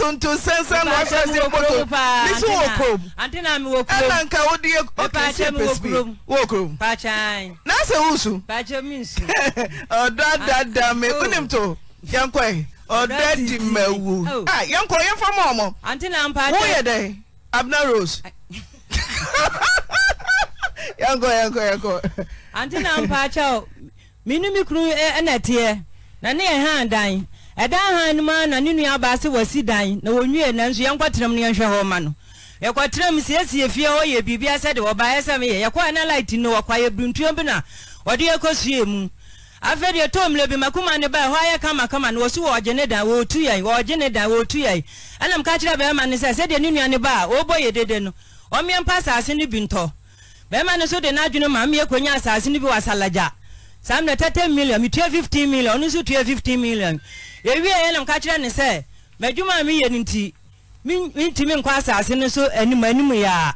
tuntun sẹ́nsẹ́ na ɔhyɛ se moto ne so wɔ kurom ɛna nka wode yɛ ɔkɛseɛ pɛsibi wɔ kurom na sɛ wosu ɔdadada me wonim ah, oh. to yɛnkɔe ɔda oh, di mawu yɛnkɔ yɛmfa ma ɔmɔ woyɛ dɛn abna rose yɛnkɔ yɛnkɔ yɛnkɔ ante na mpakyɛw menu me kunu ɛna teɛ na ne yɛ eh, ha adan Eda han ma na ninu ya baase wasi dan na wɔnwie nanso yɛnkɔtenam no yɛnhwɛ hɔ ma no yɛkɔtena m siesie fie hɔ yɛ biribia sɛ de wɔbaeɛ sɛ meyɛ yɛkɔa na light no wɔkwa yɛ biruntuo bi na ɔde yɛkɔsue mu Afedi deɛ tɔ mmerɛ bi makoma ne baa hɔ ayɛ kamakama na wɔsi wɔ ɔgye ne dan wɔɔtu yɛn wɔɔgye ne dan wɔɔtu yɛn ɛna mka kyerɛ bɛrima no sɛ sɛdeɛ ne ya ne baa ɔbɔ yɛ dede no ɔmmea mpa asase no bi ntɔ bɛrima no so de n'adwene ma mmea kɔnya asase no bi wɔ asalagya saa mmerɛ tɛtɛ million metua fifteen million ɔno nso tua million ewie yɛ nam ka kyerɛ ne sɛ mɛdwuma a meyɛ no nti mentumi nkɔ asase no so anim anim yɛ a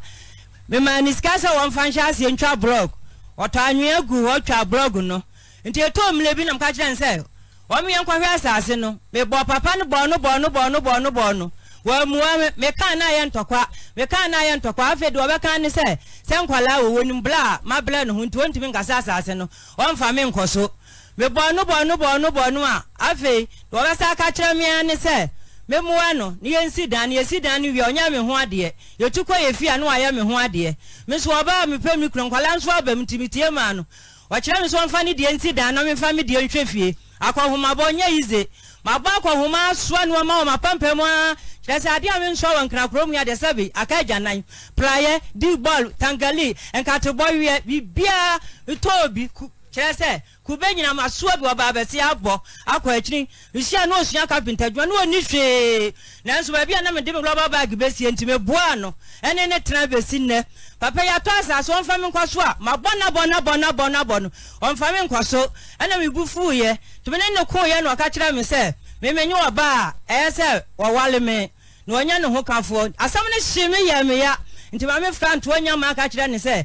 memaa ne sika sɛ wɔmfa nhyɛ aseɛ ntwa blɔg ɔtɔ anwea gu hɔ twa blɔg no nti ɛtɔ mmerɛ bi nam ka kyerɛ ne sɛ wɔmeyɛ nkɔhwɛ asase no mebɔ papa no bɔɔ no bɔɔ no bɔɔ no bɔɔ no bɔɔ no wɔamua me meka no ayɛ ntɔkwa mekaa no ayɛ ntɔkwa afei de wɔbɛka ne sɛ sɛ nkwalaa wɔwɔ nim bla a mabrɛ ne ho nti wɔntumi nkasa asase no ɔmfa me nkɔ so mebɔ ah. no bɔ no bɔ no bɔ no a sa ka kire kyerɛ ani se me mu ano ni ye yɛnsi dan ye si dan wi wie ɔnyɛ me ho ade ye tukwa ye fi ano ne me ho ade me so nso me pe mi kron kwala nso aba mi timiti e ma no wa ɔkyerɛ me sɛ ɔmfa ne deɛ nsi dan na memfa me deɛ nhwɛ fie akɔhomabɔ nyɛ yize mabɔ akɔhoma asoa ne ɔma wɔ mapampam a ah. kyerɛ sɛ adeɛ a mensɔ wɔ nkrakoro mu adeɛ sɛ bi aka janan praye di ball tangali enka to nkatebɔweɛ biribiaa metɔɔ bi kyerɛ sɛ kube nyinam asoa bi ɔbaa abɛsi abɔ akɔ akyiri nsia na osua kapinta adwuma na oni hwee nanso baabi a nam de mi rɔba baagi besie nti mi boa ano ɛne ne tena besi nnɛ papa yi ato asase ɔnfa mi nkɔ so a ma bɔ nabɔ nabɔ nabɔ nabɔ no ɔnfa mi nkɔ so ɛna mi bu fuu yɛ tumi ne ne ko yɛ na ɔka kyerɛ mi sɛ mímí nye ɔbaa ɛyɛ sɛ ɔwale mi na ɔnyɛ ne ho kafoɔ asɛm ne hyi mi yɛ mi ya nti maame frantoɔ nyɛ ma aka kyerɛ ne sɛ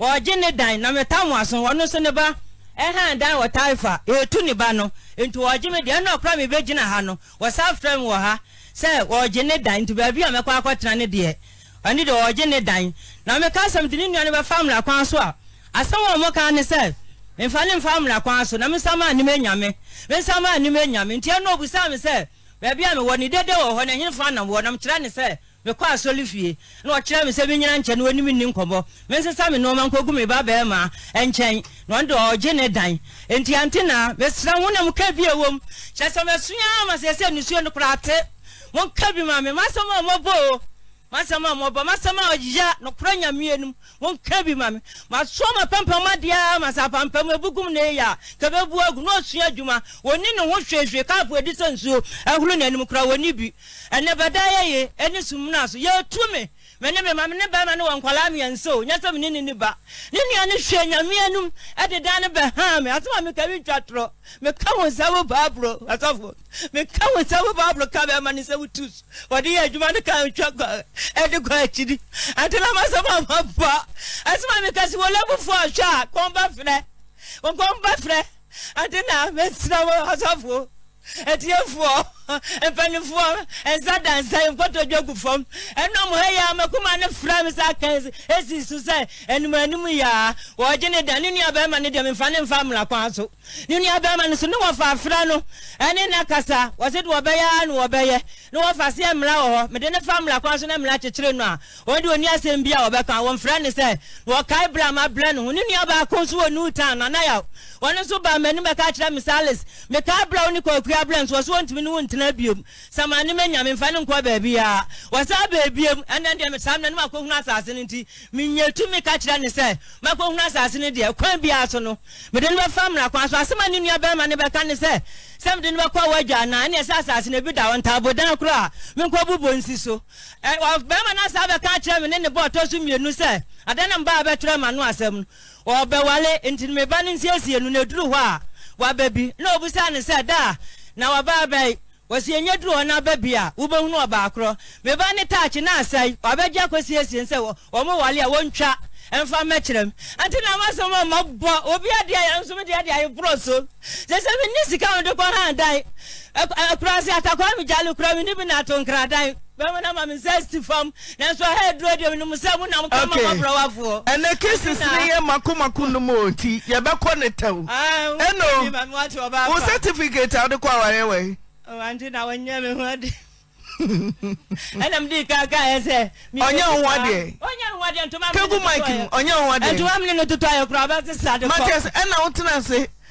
ɔgye ne dan na meta mo aso ɔno nso ne ba ɛha dan wɔ taifa etu ne ba no nti ɔgye me deɛ ɛna ɔkora mi bɛgyina ha no wɔsa frɛ me wɔ ha sɛ ɔgye ne dan nti baabi a mɛkɔ akɔtena ne deɛ ɔne deɛ ɔgye ne dan na meka asɛm te ne nua no bɛfa mmara kwan so a asɛm a ka ne sɛ mfa ne mfa mmara kwan so na mesama anim anyame mesama anim anyame nti ɛna ɔbusaa me sɛ baabi a mewɔ ne dede wɔ hɔ no ɛhene fa nam wɔ nam kyerɛ ne sɛ mekɔ asɔle fie na ɔkyerɛ me sɛ menyina nkyɛn na wanim nni nkɔmmɔ mensesa me nnoɔma nkɔgu me ba bɛɛma nkyɛn na ɔno ɔgye ne dan enti ante na mesrɛ wo na meka bi ɛwom kyerɛ sɛ masua ama sɛ sɛ nusuo no koraa te monka bi ma me masɛm a mɔbɔ o masama mɔba masama ɔya nokora nyameɛ num wonka bi ma me maso mapampam adeɛ masa apampam ɛbugum na ɛyɛ a kɛbɛbu agu na ɔsua adwuma wɔni ne ho hwehwe kaapo adi sɛ nsuo ne n'anim kora wɔni bi ɛnɛ bɛda yɛye ɛne sumuna so yɛtu me mene me ma ne bɛrima ne wɔ nkwalaa mmiɛnsa o nyɛ sɛ mene ne ne ba ne nua ne hwɛ nyame anom ɛdeda ne bɛhaa me asɛm a meka bi ntwa torɔ meka wo nsa wo baaboro asɔfo meka wo nsa wo baaboro ka bɛma ne sɛ wotu wɔde yɛ adwuma ne ka ntwa ɛde kɔ akyiri ɛnti na masɛm a maba asɛm a meka si wɔlabufoɔ ahwɛ a kɔmba frɛ nkɔmba frɛ ɛnti na mesrɛ wo asɔfo ɛtiɛfoɔ mpanimfoɔ nsa dansa nkɔtɔ dwa gu fam ɛnam ha yi a makoma ne fra me sa ka esi so sɛ anim anim yia wɔgye ne da ne nua bɛrima ne deɛ memfa ne mfa mmra kwan so ne nua bɛrima no so ne wɔfa afra no ɛne na kasa wɔse de wɔbɛyɛ a ne wɔbɛyɛ ne wɔfa seɛ mmra wɔ hɔ mede ne fa mmra kwan so ne mmra kyekyere no a wɔde ɔni asɛm bi a wɔbɛka wɔmfrɛ ne sɛ wɔkae bra ma brɛ no ho ne nua baako nso wɔ newtown nanayaw wɔne nso ba m'anim ɛka kyerɛ me salis mekae brɛ wo ne kɔakua brɛ nso wɔ ntena biom samane ma nyame mfa ne nkɔ baabi a wɔsa baabiem ɛnɛ deɛ saa mna ne makɔhunu asase no nti menya tumi ka kyerɛ ne sɛ makɔhunu asase no deɛ kwan biaa so no mede no bɛfa mmara kwan so asɛm a ne nua bɛrima ne bɛka ne sɛ sɛ mede no bɛkɔ wɔagya anaa ne ɛsɛ asase no bi da wɔ ntaabodan koro a menkɔ bobɔ nsi so bɛrima no saa bɛka kyerɛ me ne ne bɔɔtɔ so mmienu sɛ adan na mbaa bɛtwerɛ ma no asɛm no ɔbɛwale nti meba no nsiesie no na ɛduru hɔ a waba bi na ɔbusa ne sɛ da, na wabaa bɛi wɔsi enye duro wɔn abɛ bia wobɛhunu ɔbaakorɔ meba ne taakye na asɛe ɔbɛgye akɔsiesie sɛ wɔn wale a wɔntwa ɛnfa mɛkyerɛ mu ɛnti na ama sɛ ma bɔ obi adeɛ yɛ nso mi deɛ adeɛ ayɛ borɔ so sɛ sɛ mi ni sika wɔn de kɔ hàn dan ɛkurase atakɔ mi gya lukura mi ni bi na ato nkira dan bɛn na ma mi nsa si fam na nso ɛhɛ duro deɛ mu nsa mu nam kama kɔbura wafoɔ. ɛnna cases ni yɛ makomako no mu oti yɛbɛkɔ ne tɛw ɛnno wo certificate a wɔde kɔ awareɛ eɛɛy adɛk miem ɔyɛ dtoma mne no totɔ yɛ kora wobɛse sa demat ɛnawotena se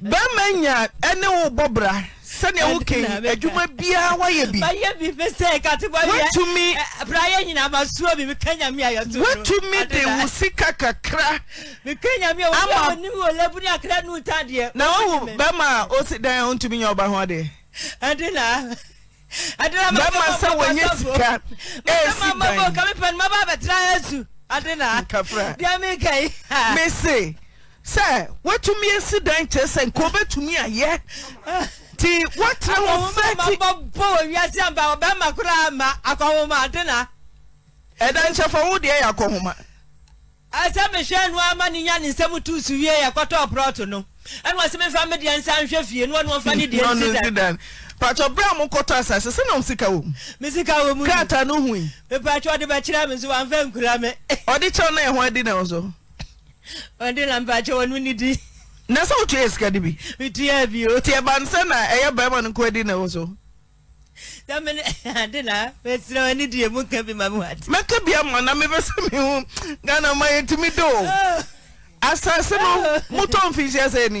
bɛima nya ɛne wo bɔbra sɛnea woke adwuma biara woayɛ biwotumi de wo sika kakranmaontumi ya ob hodebɛma sɛ wnyɛ sika ɛsi Adina na nkafra deɛ meka yi mese sɛ woatumi asi dan kyerɛ sɛ nka wobɛtumi ayɛ nti woatena hɔ fɛtibɔbɔ wɔ wiase amba ɔbɛma koraa ma akɔhoma ade na ɛda nkyɛfa wo deɛ yɛ akɔhoma asɛ mehwɛ no ama ne nya ne nsɛm to so wie yɛkɔtɔ prɔto no ɛne wɔsɛ mefa medeɛ nsa nhwɛ fie no ɔne ɔmfa ne deɛ nsi dan pata berɛ a mo kɔtɔ asase sɛna msika wɔ munode kyɛw no yɛho di na wo s oh. na sɛ wɔ yɛ sika de biti ɛban sɛ na ɛyɛ barima no kɔ adinna wo s mɛka biamana mɛfɛsɛ mi ho ganama yɛtumi deo asase no oh. motɔ mfirsia sɛ ani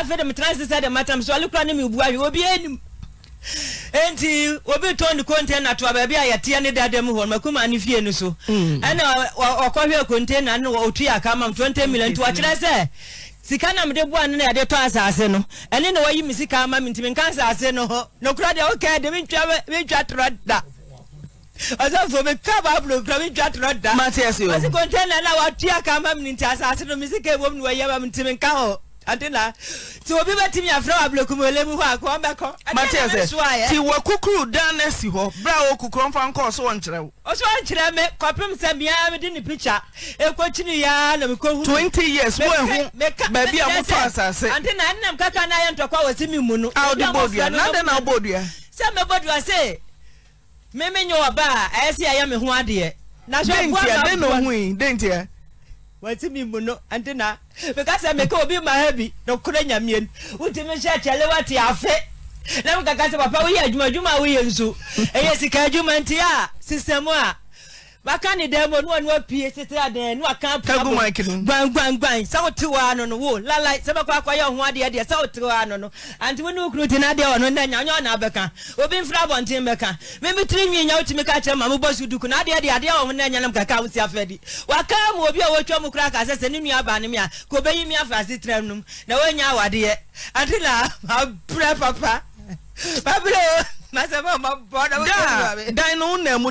afei me metena sɛ de matam so alekora ne mebu ahwe obi anim enti obi tɔ ne kontena toa baabi a yɛteɛ ne dada mu hɔ no makuma ne fie no so ɛna ɔkɔhwɛ kontena no ɔtui aka ma m 20 million nti wɔkyerɛ sɛ sika na mede boa no na yɛde tɔ asase no ɛne na wayi me sika ma me ntimi asase no hɔ nokora deɛ wokɛ de mentwa torɔ da ɔsɛfo meka baablo kura mentwa torɔ da ɔse a na watua ka ama m ne nti asase no me sika ne wɔyɛ ma m ntimi nka hɔ ɛtafkɛmsɛ ene ea kinsmd meya ɛ mehode wɔtimi mu no nti na mekasɛ meka obi ma ha bi nokorɛ nyamea no wotimi hyɛ kyɛle wate afe na mekaka sɛ papa woyɛ adwumadwuma a woyɛ nso ɛyɛ sika adwuma nti a sistem a baka ne dan mu no anu apie sese adan no aka kagu mic no gban gban gban sɛ wote wa no no wo lala sɛ bɛkɔ akɔyɛ ho adeɛ deɛ sɛ wote wa no no ante wo ne na adeɛ wɔ no na nya ɔnyɛ ɔna bɛka obi mfra abɔnten bɛka mimi tiri nwi nya wotumi ka kyerɛ ma mobɔ duku na adeɛ deɛ adeɛ wɔ ho na nya nam kaka wo afɛ di waka mu obi a wɔtwa mu kora ka sɛ ne nua ba ne mi a ko bɛyi mi afa ase tram nom na woanya awadeɛ ante na mabrɛ papa mabrɛ o ma ma bɔ na wo da dan no wo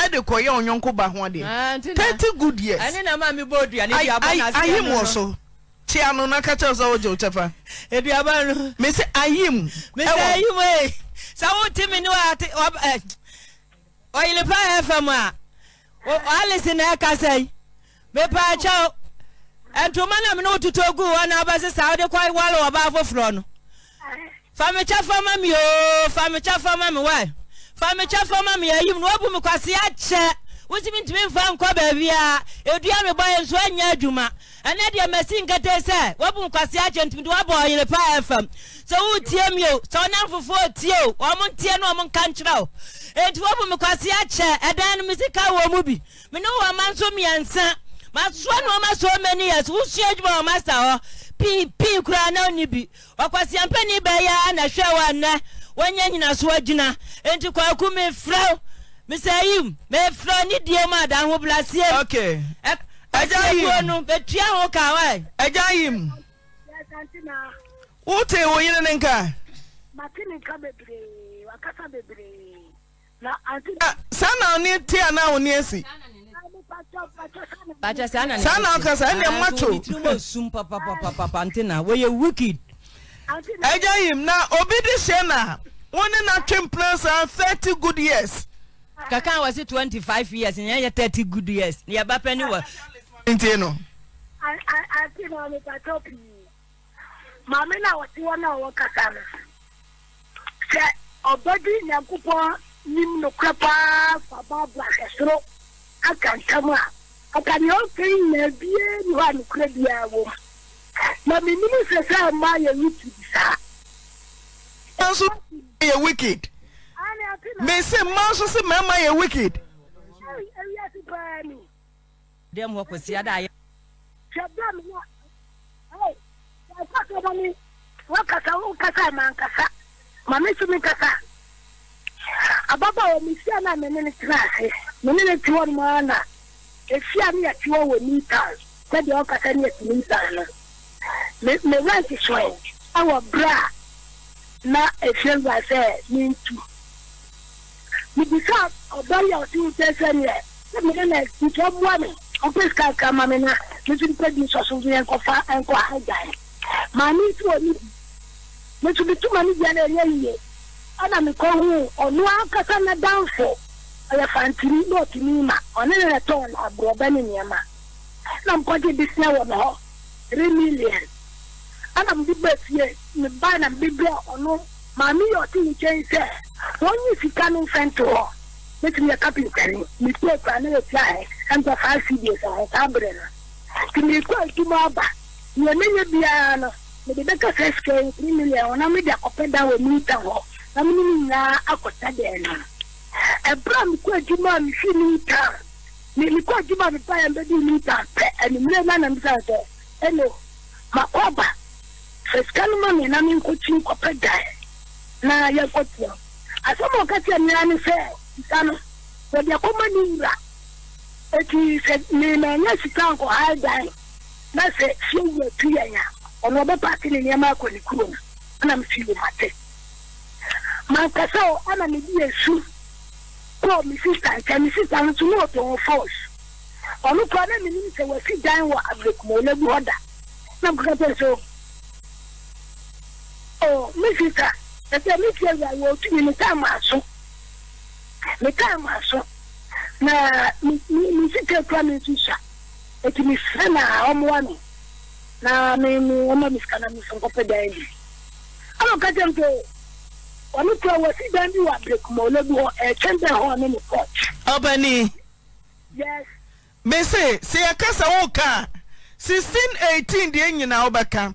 ɛde kɔyɛ ɔnyɔnko ba ho adeɛ 30 good years ayi mu ɔso kyea no na kakyɛ sɛ wogye ayim ayim eh. e eh. fm a na ɛka sɛi mepaa kyɛw ntoma na mene wototɔ gu hɔ na saa wode kɔ wale wɔba afoforɔ no fa mekyɛ fama mi oo fa famekyɛ fam a meyɛyim no wabu me kwase akyɛ wosimi ntumi mfa nkɔ baabia ɛdua me bɔyɛ nso anyɛ adwuma ɛnɛ deɛ masi nkete sɛ wabu me kwase akyɛ ntumi de wabɔ ɔyere pa fm sɛ wotie mi o sɛ ɔnam fofoɔ tie o ɔmo ntie no ɔmo nka nkyerɛ o enti wabu me kwase akyɛ ɛdan no me sika wɔ mu bi me ne wɔ ma nso mmiɛnsa masoa na ɔma so mani yɛ so wosua adwuma wɔ masta hɔ pii pii koraa na ɔni bi ɔkwasiampani bɛyɛ a na hwɛ nyina so adwuna enti kwaku mefrɛ mesɛ yim mefrɛ ni die mu ada ho blaseɛ ɛgya no bɛtua ho ka wɛ ɛgya yim wote wo yere ne nka ah, saa na wo te anaa wo ne asi saa na wokasa ɛneɛ mato papa wɔyɛ wicked ɛgya yim na obi de hyɛ na wɔn ne n'atwe mpena san thirty good years. kaka wɔ si twenty five years nyɛ yɛ thirty good years ne yaba pɛ ne wɔ. nti no. ati na ɔmo patɔ pii maame na wɔte wɔn a wɔwɔ kaka no sɛ ɔbɛdi nyankopɔn nim nokora paa fa baabul akɛsoro aka ntam a aka nea ɔka yi nyinaa bie ni hɔ a nokora biara wɔ mu na menimu sɛ sɛ mmaa yɛ wicked saa nso yɛ wicked mese mmaa nso sɛ mmarima yɛ wicked dɛm hɔ kɔsi ada ayɛ wakasa wokasa mankasa mame so me kasa ababaawa mesia no a mene ne tena ase mene ne te hɔ nomaa na ɛfia ne yɛte hɔ wɔ newtown sɛdeɛ ɔkasa ne yɛte newtown no me me rent so ɛwɔ bra na efie gba sɛ ne ntu mibisa ɔbɛyɛ ɔsi wo tɛ sɛ neɛ sɛ mede na ntu aboa me ɔpɛ sika ka ma me na meso nipa di nsɔso so yɛnkɔfa ɛnkɔ agyae maame nso wɔ ne bi meso bituma ne bia na ɛnyɛ yie ɛna mekɔ hu ɔno ankasa na danfo ɔyɛ fantiri na ɔtumi ma ɔne ne na tɔn aborɔbɛ ne nneɛma na mkɔgye bi sɛ wɔ me hɔ Three million ana m dịba fie mba na mbibia ọnụ ma mi yọ ti nkyɛn sɛ wɔn sika no nfɛn to hɔ metumi yɛ kapintɛri mekura ekura ne yɛ fia yɛ ɛnkɔ five cds a yɛ saa bere no ti mekura adwuma aba nea ne yɛ biara no mede bɛka sɛ sika yɛ three million wɔn na mede akɔpɛ da wɔ ta hɔ na mo ne nyinaa akɔta dɛɛ no ɛbura mekura adwuma a mefi mu ta me mekura adwuma a mepa yɛ mbɛdi mu ta pɛ animire na na mbisa sɛ ɛno makɔba. sika no ma mmiɛna me nkɔtwi nkɔpɛ dae na yɛnkɔtua asɛm a ɔka kyerɛ mmea ne sɛ sika no wɔde akɔma ne wura eti sɛ mmemanya sika nkɔhae dae na sɛ fie wura tu yɛn a ɔno ɔbɛpaate ne nneɛma akɔ ne kurom ana mfi wɔ mate mankasa o ana mede yɛsu kɔɔ me sista nkyɛn me sista no nso ne ɔtɔn fɔs ɔno koraa na menim sɛ wasi dan wɔ abrɛkumɔ no agu hɔ da na mkasa sɛ ọ mefika ẹsẹ mefi ẹwura wọ otu mi nita ama aso nita ama aso na mi mi sika ekura mi nso sa eti mi fẹ na ọmọ wa mi na mi mi ọmọ mi sika na mi sọ nkọpẹ dan bi ọmọ kata mpe wọn kura wọ si dan bi wọ abirikuma ọlọbi hɔ ɛkyɛn bɛ hɔ ne ne pɔt. ɔbɛni. yes. bese sɛ yɛ kasa wo ka sixteen eighteen deɛ nyinaa wobɛka.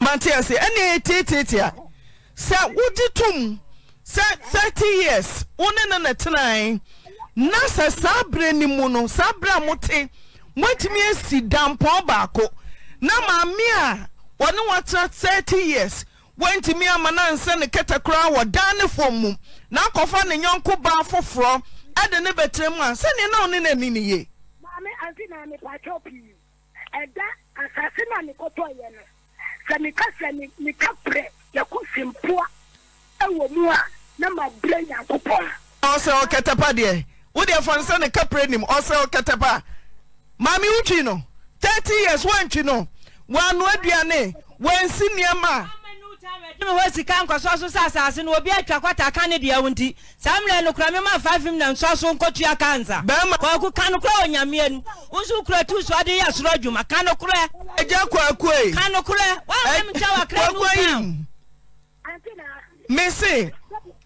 mante ase ɛne yɛ tietietia sɛ wogye tom sɛ 30 years wo ne no na tenae na sɛ saa berɛ no mu no saa berɛ a mote moatumi asi dampɔn baako na maame a wɔne wɔtena 30 years wɔntumi ama no ansɛ ne kɛtɛ koraa wɔ dan ne fam mu na akɔfa ne yɔnko baa foforɔ ɛde ne bɛtira mu a sɛneɛ na wo ne n'ani ne yie maame ɛda asase na mekɔtɔ yɛ no sɛ meka sɛ meka prɛ yɛko simpoa ɛwɔ e mu a na mabrɛ nyankopɔn ɔsɛ ɔkɛtɛpa deɛ wodeɛ fɔ no sɛ ne kaprɛ nim ɔsɛ ɔkɛtɛpa maame wotwi no 30 years woantwi no wɔanoa aduane wɔansi nneɛma a mi hɔ sika nkɔsɔ so sɛ asase no obi atwa kɔta ka deɛ wo nti saa mmerɛ no kora mema fa fim na nsɔ so nkɔtua kansa kɔko ka no korɛ onyame anim wo nso wokura tu so ade yɛ soro adwuma ka no korɛ agya kwakoe ka no korɛ woamɛm kyɛ wakra mu kam me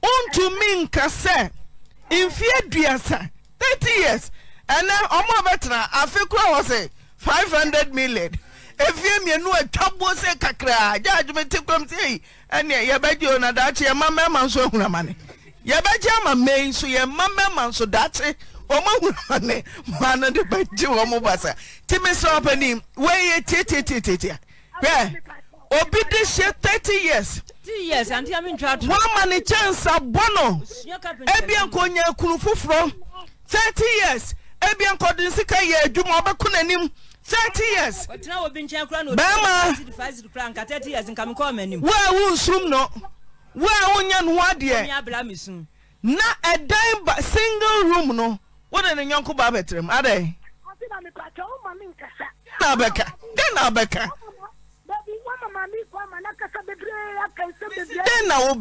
wontumi nka sɛ mfeɛ duasa 30 years ɛnɛ ɔmo a bɛtena afe kora wɔ se 500 million f minuawabo sɛ kakraam ti koɛ ɛ 0 e mane kyɛ nsabɔn ka ya kur foforɔ 0 year ikadesika yɛ wuma bɛko nanim 30 yearsbaimawoa wo nsom no woa wonnya no ho adeɛ na ɛdan ba single room no wode no nyanko baa bɛtrɛ mu adeɛn na wobɛkaɛn na wo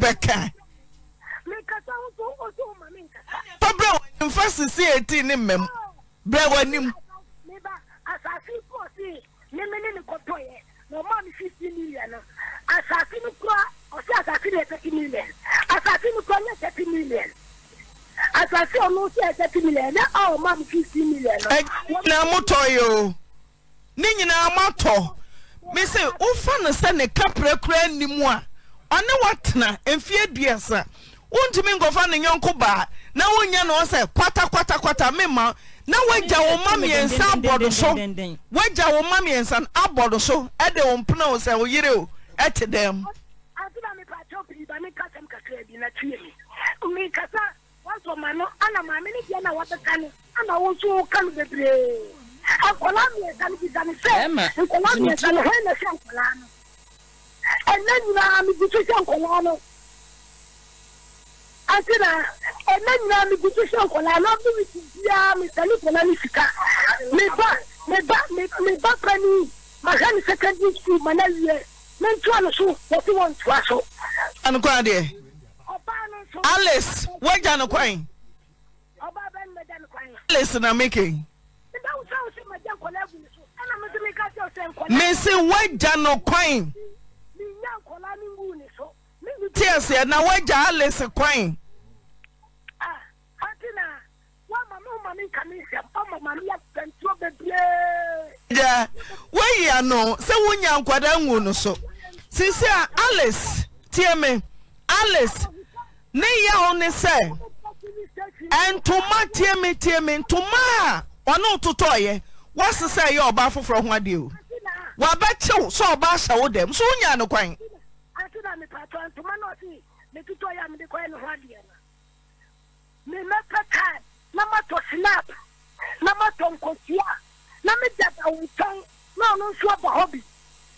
bɛkapbrɛfa sesi n asase kɔ si mímí ní ní kɔtɔ yɛ na ɔmá mi fifty million no asase ní kura ɔsi asase ní thirty million asase ní kura ní thirty million asase ɔno sí thirty million ní a ɔmá mi fifty no. ẹ nyinaa mo tɔ yi o ne nyinaa mo atɔ mese wofa no sɛ ne ni anim a ɔne watena mfeɛ duasa wontumi nkɔfa ne nyɔnko baa na wonya na ɔsɛ kwatakwatakwata mema na woagya wo ma mmiɛnsa abɔdo so woagya wo ma mmiɛnsa abɔdo so ɛde wo mpena wo sɛ wo yere o ɛte dɛm wazɔ ma no ana maame ne deɛ na wabɛka no ana wo nso woka no bebree akwadaa mmiɛnsa no bisa ni sɛ nkwadaa mmiɛnsa no hɛn na hwɛ nkwadaa no ɛnna nyinaa me bi so hwɛ nkwadaa no ase na ɛna nyinaa mi gudu sɛ nkɔla na ɔbi mi ti bia mi sani nkɔla mi sika mi ba mi ba mi ba pɛni ma hɛ ni secondary school ma na wiɛ mi n tura no so wɔti wɔn tura so. anukɔ adeɛ. ɔbaa alice wagya no kwan. ɔbaa bɛ ni wagya no kwan. alice na meke. ndawusa ose mi ti mi ka se ose nkɔla. mesi wagya no teɛseɛ na woagya alic kwangya woayiano sɛ wonya nkwado wu no so sisi a alice teɛ me alic ne yɛ wo ne sɛ ɛntoma teɛ mete me ntoma a ɔne wototɔɔeɛ woase sɛ ɛyɛ ɔba foforɔ ho adeɛo wabɛkyew sɛ ɔba hyɛ wo dɛms wonya no kwan a mepatɔ ntoma na ɔde metutɔ yɛ a mede kɔyɛ ne ho adeɛ no memɛpɛ time na matɔ snap na matɔ nkɔsua na megya dawotɔn na ɔno nso aba hɔ bi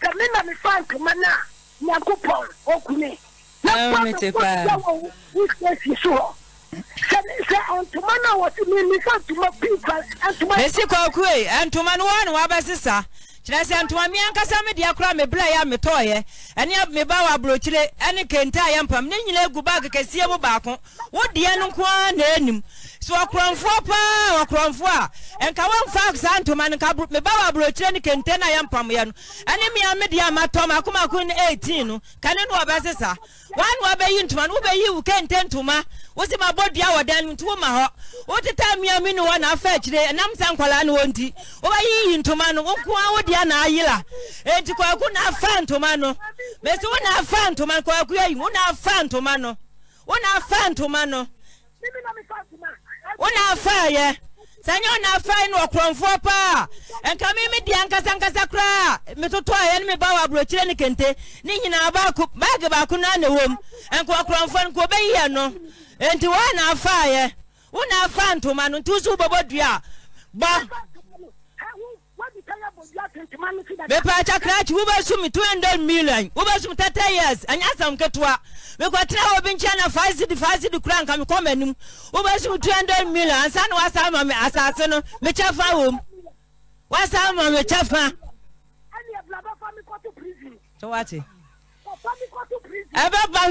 sɛ me na mefa ntoma no a nyankopɔn ɔkune na kɔmekɔsua wɔ wo sɛsi so hɔ ntoma no a wɔse memesa ntoma pii ntoma mesi kɔkue ntoma no wɔ ne wabɛsesa kyerɛ sɛ ntoma mea nkasa medea koraa mebelayɛ a metɔɔyɛ ɛne a meba wa aborɔkyere ɛne kentaa yɛ mpam ne nyina agu ba kekɛsie mo baako wo deɛ no nko aa na ɛnim sɛ ɔkorɔmfoɔ paa ɔkorɔmfoɔ a nka wɔmfa saa ntoma no nka meba wɔ aborɔkyerɛ ne kente no a yɛmpamoyɛ no ɛne mmea me deɛ amatɔ makomako no 18 no kane ne wɔbɛsesa wane wɔbɛyi mi no wo nkoa wo deɛ na ayela enti kwaku na afa ntoma no mesi wo na afa ntoma no kwaku ayi wo na afa ntoma no wonaafɛɛyɛ sɛ nyɛ wonaafɛe ne ɔkorɔmfoɔ paa ɛnka me me deɛ ankasankasa koraa metotɔɔyɛ no meba wɔ aborɔkyerɛ ne kente ne nyinaa baako baage baako no ana wom ɛnka ɔkorɔmfoɔ no nka ɔbɛyiɛ no enti woanaafaayɛ wonaafaa ntoma no nti wo so wobɔbɔ dua a mepɛ kyakrakyi wobɛs m 20 milin wobsm tt years ɛnya samktewa mktena wbi kya na fsd fsed kora nkamkmnim wobsm 0 millin ansa na wsamam asase no kyɛ fa wsa ma mkyɛ faɛba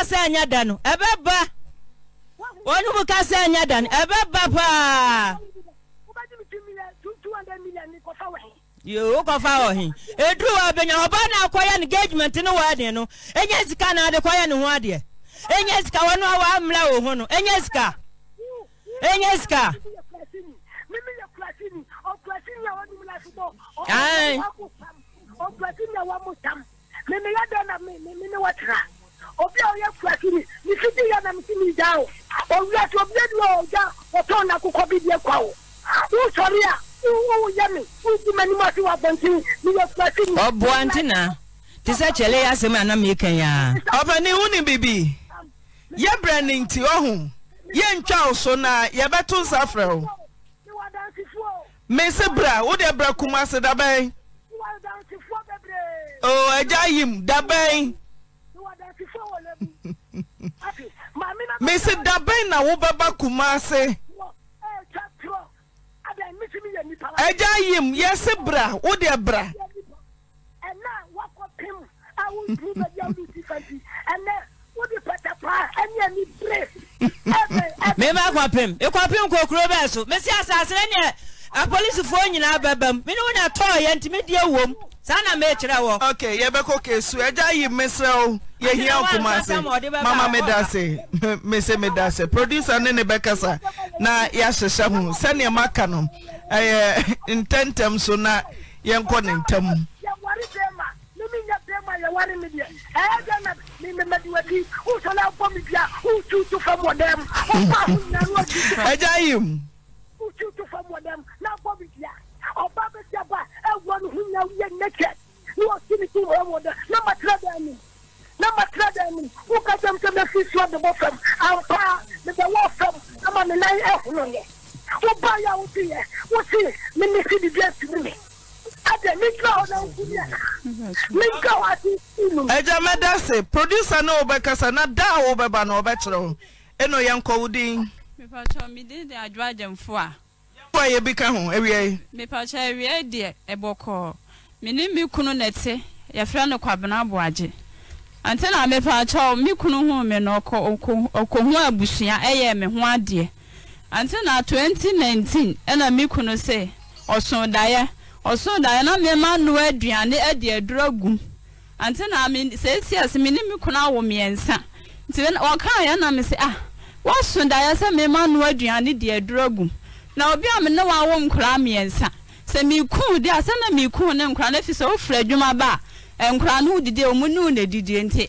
s pnkaɛydanp yoo kɔfa ɔhin edu wa benya ɔba na akɔyɛ ne engagement ne wedding no enya sika na ade kɔyɛ ne ho adeɛ enya sika wɔn a wɔamla wɔ ho no enya sika enya sika. ayi. mímí yá dẹ́ na mímí ni wọ́n tẹ̀ra obi a oyɛ kura kiri ni fiti yɛ na mi ti mi da o owurati obi edu a ɔja ɔtɔn na koko bi di ekwa o wosɔri a ɔboa nti na te sɛ kyɛlɛ yɛ asɛm ana meeka yi a ɔpani wo ne bibi yɛbrɛ ne nti ɔho yɛntwa wo so na yɛbɛto nsa frɛ wo mese bra wode bra kuma se dabɛn o agya yim dabɛn mese dabɛn na wobɛba kuma se agya yim yɛse bra wo deɛ bra mebakɔpem ɛkɔpem kokuro bɛɛ so mesi asase ne apolisifoɔ nyinaa bɛba m mene wo ne tɔɔyɛ nti medeɛ wom saa na mekyerɛ wɔ ok yɛbɛkɔ kesu agya yi mesrɛ wo yɛhia nkoma ase mama meda se mese meda se producer ne ne bɛkasa na yɛahyehyɛ ho sɛneɛ maka no ɛyɛ ntɛntɛm so na yɛnkɔ ne ntɛm. yɛwari bɛɛ ma ni mi nya bɛɛ ma yɛwari mi deɛ ɛyɛ bɛɛ na mi mi ma di wa di o sɔ la bɔ mi bia o tu tu fɛ mɔ dɛm o fa o nya n'o tu tu fɛ. ɛja yi mu. o tu tu fɛ mɔ dɛm n'a bɔ mi bia ɔba bɛ se ba ɛ wɔri hu nya yɛ ne cɛ ni o si ni tu fɛ mɔ dɛm n'a ma tila bɛɛ mi n'a ma tila bɛɛ mi ka jɛn mi sɛ mɛ de bɔ fɛm an pa mɛ bɛ wɔ fɛm ama mi n'a ye wọ́n ya yà ya bí yẹ wọ́n di mí si sí bíbí ẹ̀sìn mi adé mi gbà ọ́ náà kú yẹ mi gbà wá sí ìlú. ẹja mẹ́ta sè producer náà ọbẹ̀ kẹsàn náà dá àwọn ọbẹ̀ bá náà ọbẹ̀ kyerẹ́ a. fún ewia ewia mi mi kunu no ante na kunu hu mi na ɔkɔ ɔkɔ hu abusua ɛyɛ e mi adeɛ. ante na 2019 ɛna mi kunu sɛ ɔsɔn daeɛ ɔsɔn daeɛ na mmarima noa aduane ɛde aduro gu ante na mi sɛsi ɛsɛ mi ne mi kunu awo mmiɛnsa nti ɔkaa yɛ na mi sɛ ah wɔsɔn daeɛ sɛ mmarima noa aduane di aduro gu na obi a mi ne wa awo nkura mmiɛnsa sɛ mi kun de asɛ na mi kun ne nkura ne fi sɛ ofura adwuma ba nkura no didi a wɔn ne na didi nti.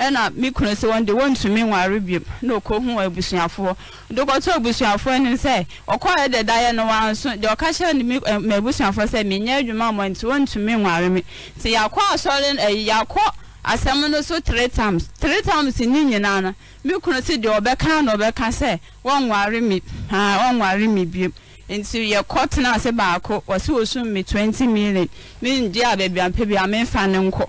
ɛna e eh, me kunu sɛ wɔn de wɔntumi nware biom na ɔkɔhu abusuafoɔ dokɔtɔ abusuafoɔ ne sɛ ɔkɔɛ dɛ daeɛ no wanso deɛ ɔka kyerɛ ne ma abusuafoɔ sɛ menyɛ adwuma mmɔ nti wɔntumi nware me nti yɛakɔ asɔre ayi eh, yɛakɔ asɛm no so three times three times ne nyinaa no me kunu sɛ deɛ ɔbɛka na ɔbɛka sɛ wɔnware me haa wɔnware me biom nti yɛkɔ tena ase baako wɔsi wɔsum me twenty million me ngye a baabi apɛ bi a mefa ne nkɔ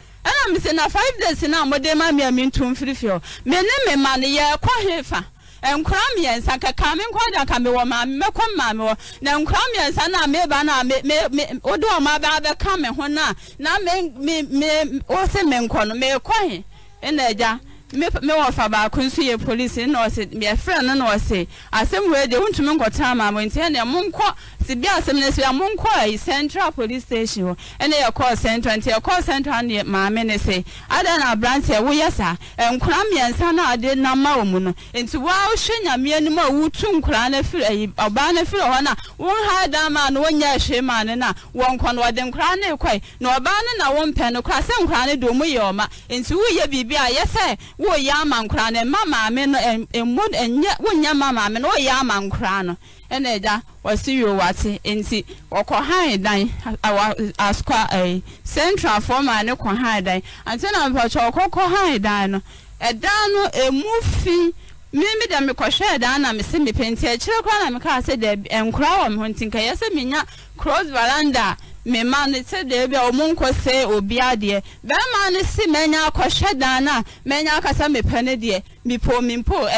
ɛna mesɛ na five days no a mode ma me a mentom firifiri hɔ mene me ma no yɛkɔ he fa nkura mmiɛnsa kaka me nkɔ da ka mewɔ maame mɛkɔ maame wɔ na nkura mmiɛnsa na meba na me me me wode ɔmo aba abɛka me ho na na me me me wɔsi me nkɔ no meekɔ he ɛna agya me me wɔfa baako nso yɛ polisi na ɔsi yɛfrɛ no na ɔsi asɛm wei deɛ wontumi nkɔtena maame nti ɛna mo nkɔ nti bi asɛm no so mo nkɔɔ central police station hɔ ɛne yɛkɔɔ central nti yɛkɔɔ central ne maame ne sɛ adɛn na aberanteɛ woyɛ saa nkora mmiɛnsa no ade nam ma wɔ mu no nti woahwɛ nyame anim a wotu nkora no firi ayi ɔbaa no firi hɔ no a wonha dan ma no wonyɛ ahwee ma no no a wɔnkɔ no wɔde nkora no rekɔe na ɔbaa no na wompɛ no kora sɛ nkora no de ɔmu yɛ ɔma nti woyɛ biribi a yɛ sɛ woyɛ ama nkora no ɛma maame no ɛmu ɛnyɛ wonyɛ ma maame no woyɛ ama nkora no ɛnɛ agya wɔse wowate nti wɔkɔ han dan waska centralfo maa ne kɔ han dan anti na mepɛkyɛ ɔkɔkɔ hann dan no ɛdan no mu fi meme dɛ mekɔhwɛ ɛdan na mese mepɛnti ɛkyerɛ koraa na mekaa sɛ de nkora wɔ m hotikɛyɛ sɛ menya crose valanda a mema no sɛ debia ɔmu nkɔsee obia deɛ bɛima no si mɛnya akɔhwɛ da naa mɛnya kasa mepɛne deɛ mepmpo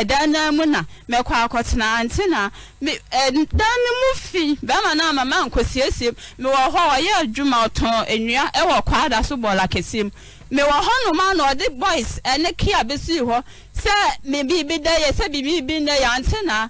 dmnɔmdey sɛ mbibi dɛ apnma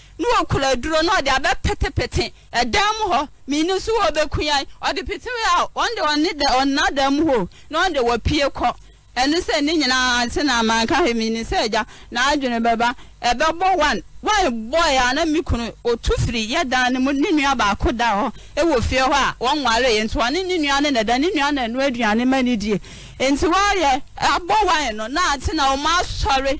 ne wɔkura aduro na ɔde abɛpetepete ɛdan mu hɔ mmienu nso wɔ ɔbɛku yan ɔde pete a ɔnde ɔne da ɔnna dan mu hɔ na ɔnde wɔpie kɔ ɛno sɛ ne nyinaa ase na amanka hɛ mmienu sɛ ɛgya na adwene bɛba ɛbɛbɔ wan wan bɔɔl a na mi otu firi yɛ dan ne mu ne nua baako da hɔ ɛwɔ e fie hɔ a wɔn nware yɛ nti wɔne ne nua ne na da ne nua na ɛnu aduane ma ne die nti wɔayɛ abɔ wan no na ate na wɔn asɔre.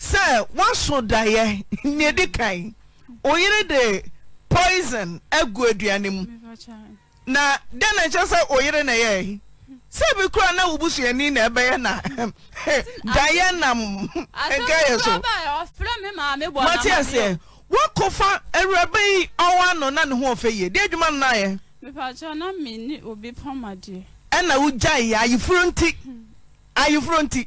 sɛ woaso daeɛ nea ɛdi kan o yere de poison agu aduane mu mm-hmm, na dɛn oh, na nkyɛ sɛ o na ɛyɛ sɛ bi kora na wobusuani na ɛbɛyɛ na daeɛ nam nkɛyɛ so mate aseɛ woakɔfa awuraba yi ɔwɔ ano na ne ho ɔfɛ yie deɛ adwuma no naayɛ ɛna wogyae yɛ ayeforo nti ayeforo nti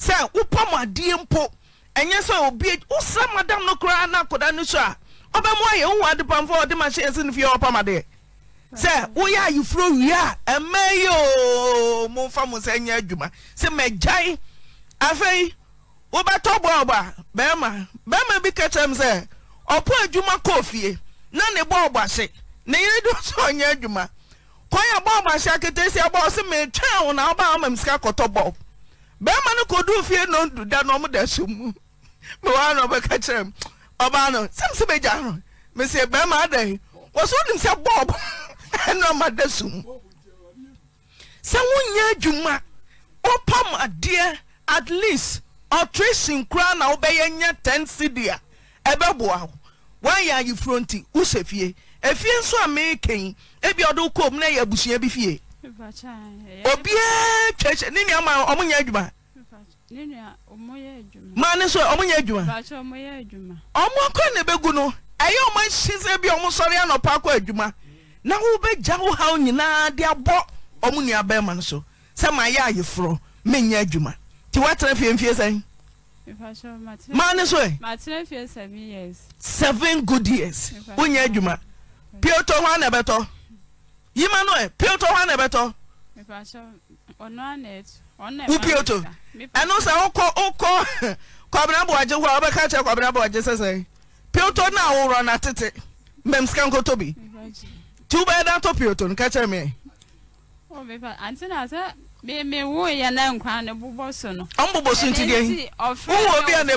sɛ wopɔ mo adi mpo nyɛ sɛ wosa mada nokora na koa noso m deaoɛ m fasɛyɛmaɛmya wobɛtɔ bmmabi ka kerɛ ɛ oa bɛrima no kɔduu fie na da na mo da so mu mewaa na ɔbɛka kyerɛ m ɔbaa no sɛm sɛ bɛgya no mesɛ bɛrima adɛn wɔ so wonim sɛ bɔɔb ɛne ɔma da so mu sɛ wonyɛ adwuma wopam adeɛ at least ɔtration koraa na wobɛyɛ nyɛ 10 cedi a ɛbɛboa wo woayɛ ayefuro nti wohyɛ fie efie nso a meekɛn ebi ɔde wo kɔm na ɛyɛ bi fie obiara twa hyɛ ne nua ma ɔmo nyɛ adwuma maa ne so ɔmo nyɛ adwuma ɔmo akɔ na ebegu no ɛyɛ ɔmo ahyɛsɛ bi ɔmo sɔre anɔpa akɔ adwuma na wobɛgya wo haw nyinaa de abɔ ɔmo nua bɛrima no so sɛ ma yɛ ayeforɔ menyɛ adwuma nti woatena fiemfie sɛn maa ne so ɛ seven good years wonyɛ adwuma pio tɔ ho a na ɛbɛtɔ yima pioto hɔ na ɛbɛtɔ wo pioto ɛno sɛ wokɔ wokɔ kwabena boagye hɔ a wobɛka kyerɛ kwabena boagye sɛ sɛ pioto na aworɔ na tete mam sika nkɔtɔ bi nti wobɛyɛ da tɔ pioto no ka kyerɛ me ɔmbobɔ so nti deɛ wowo bi a ne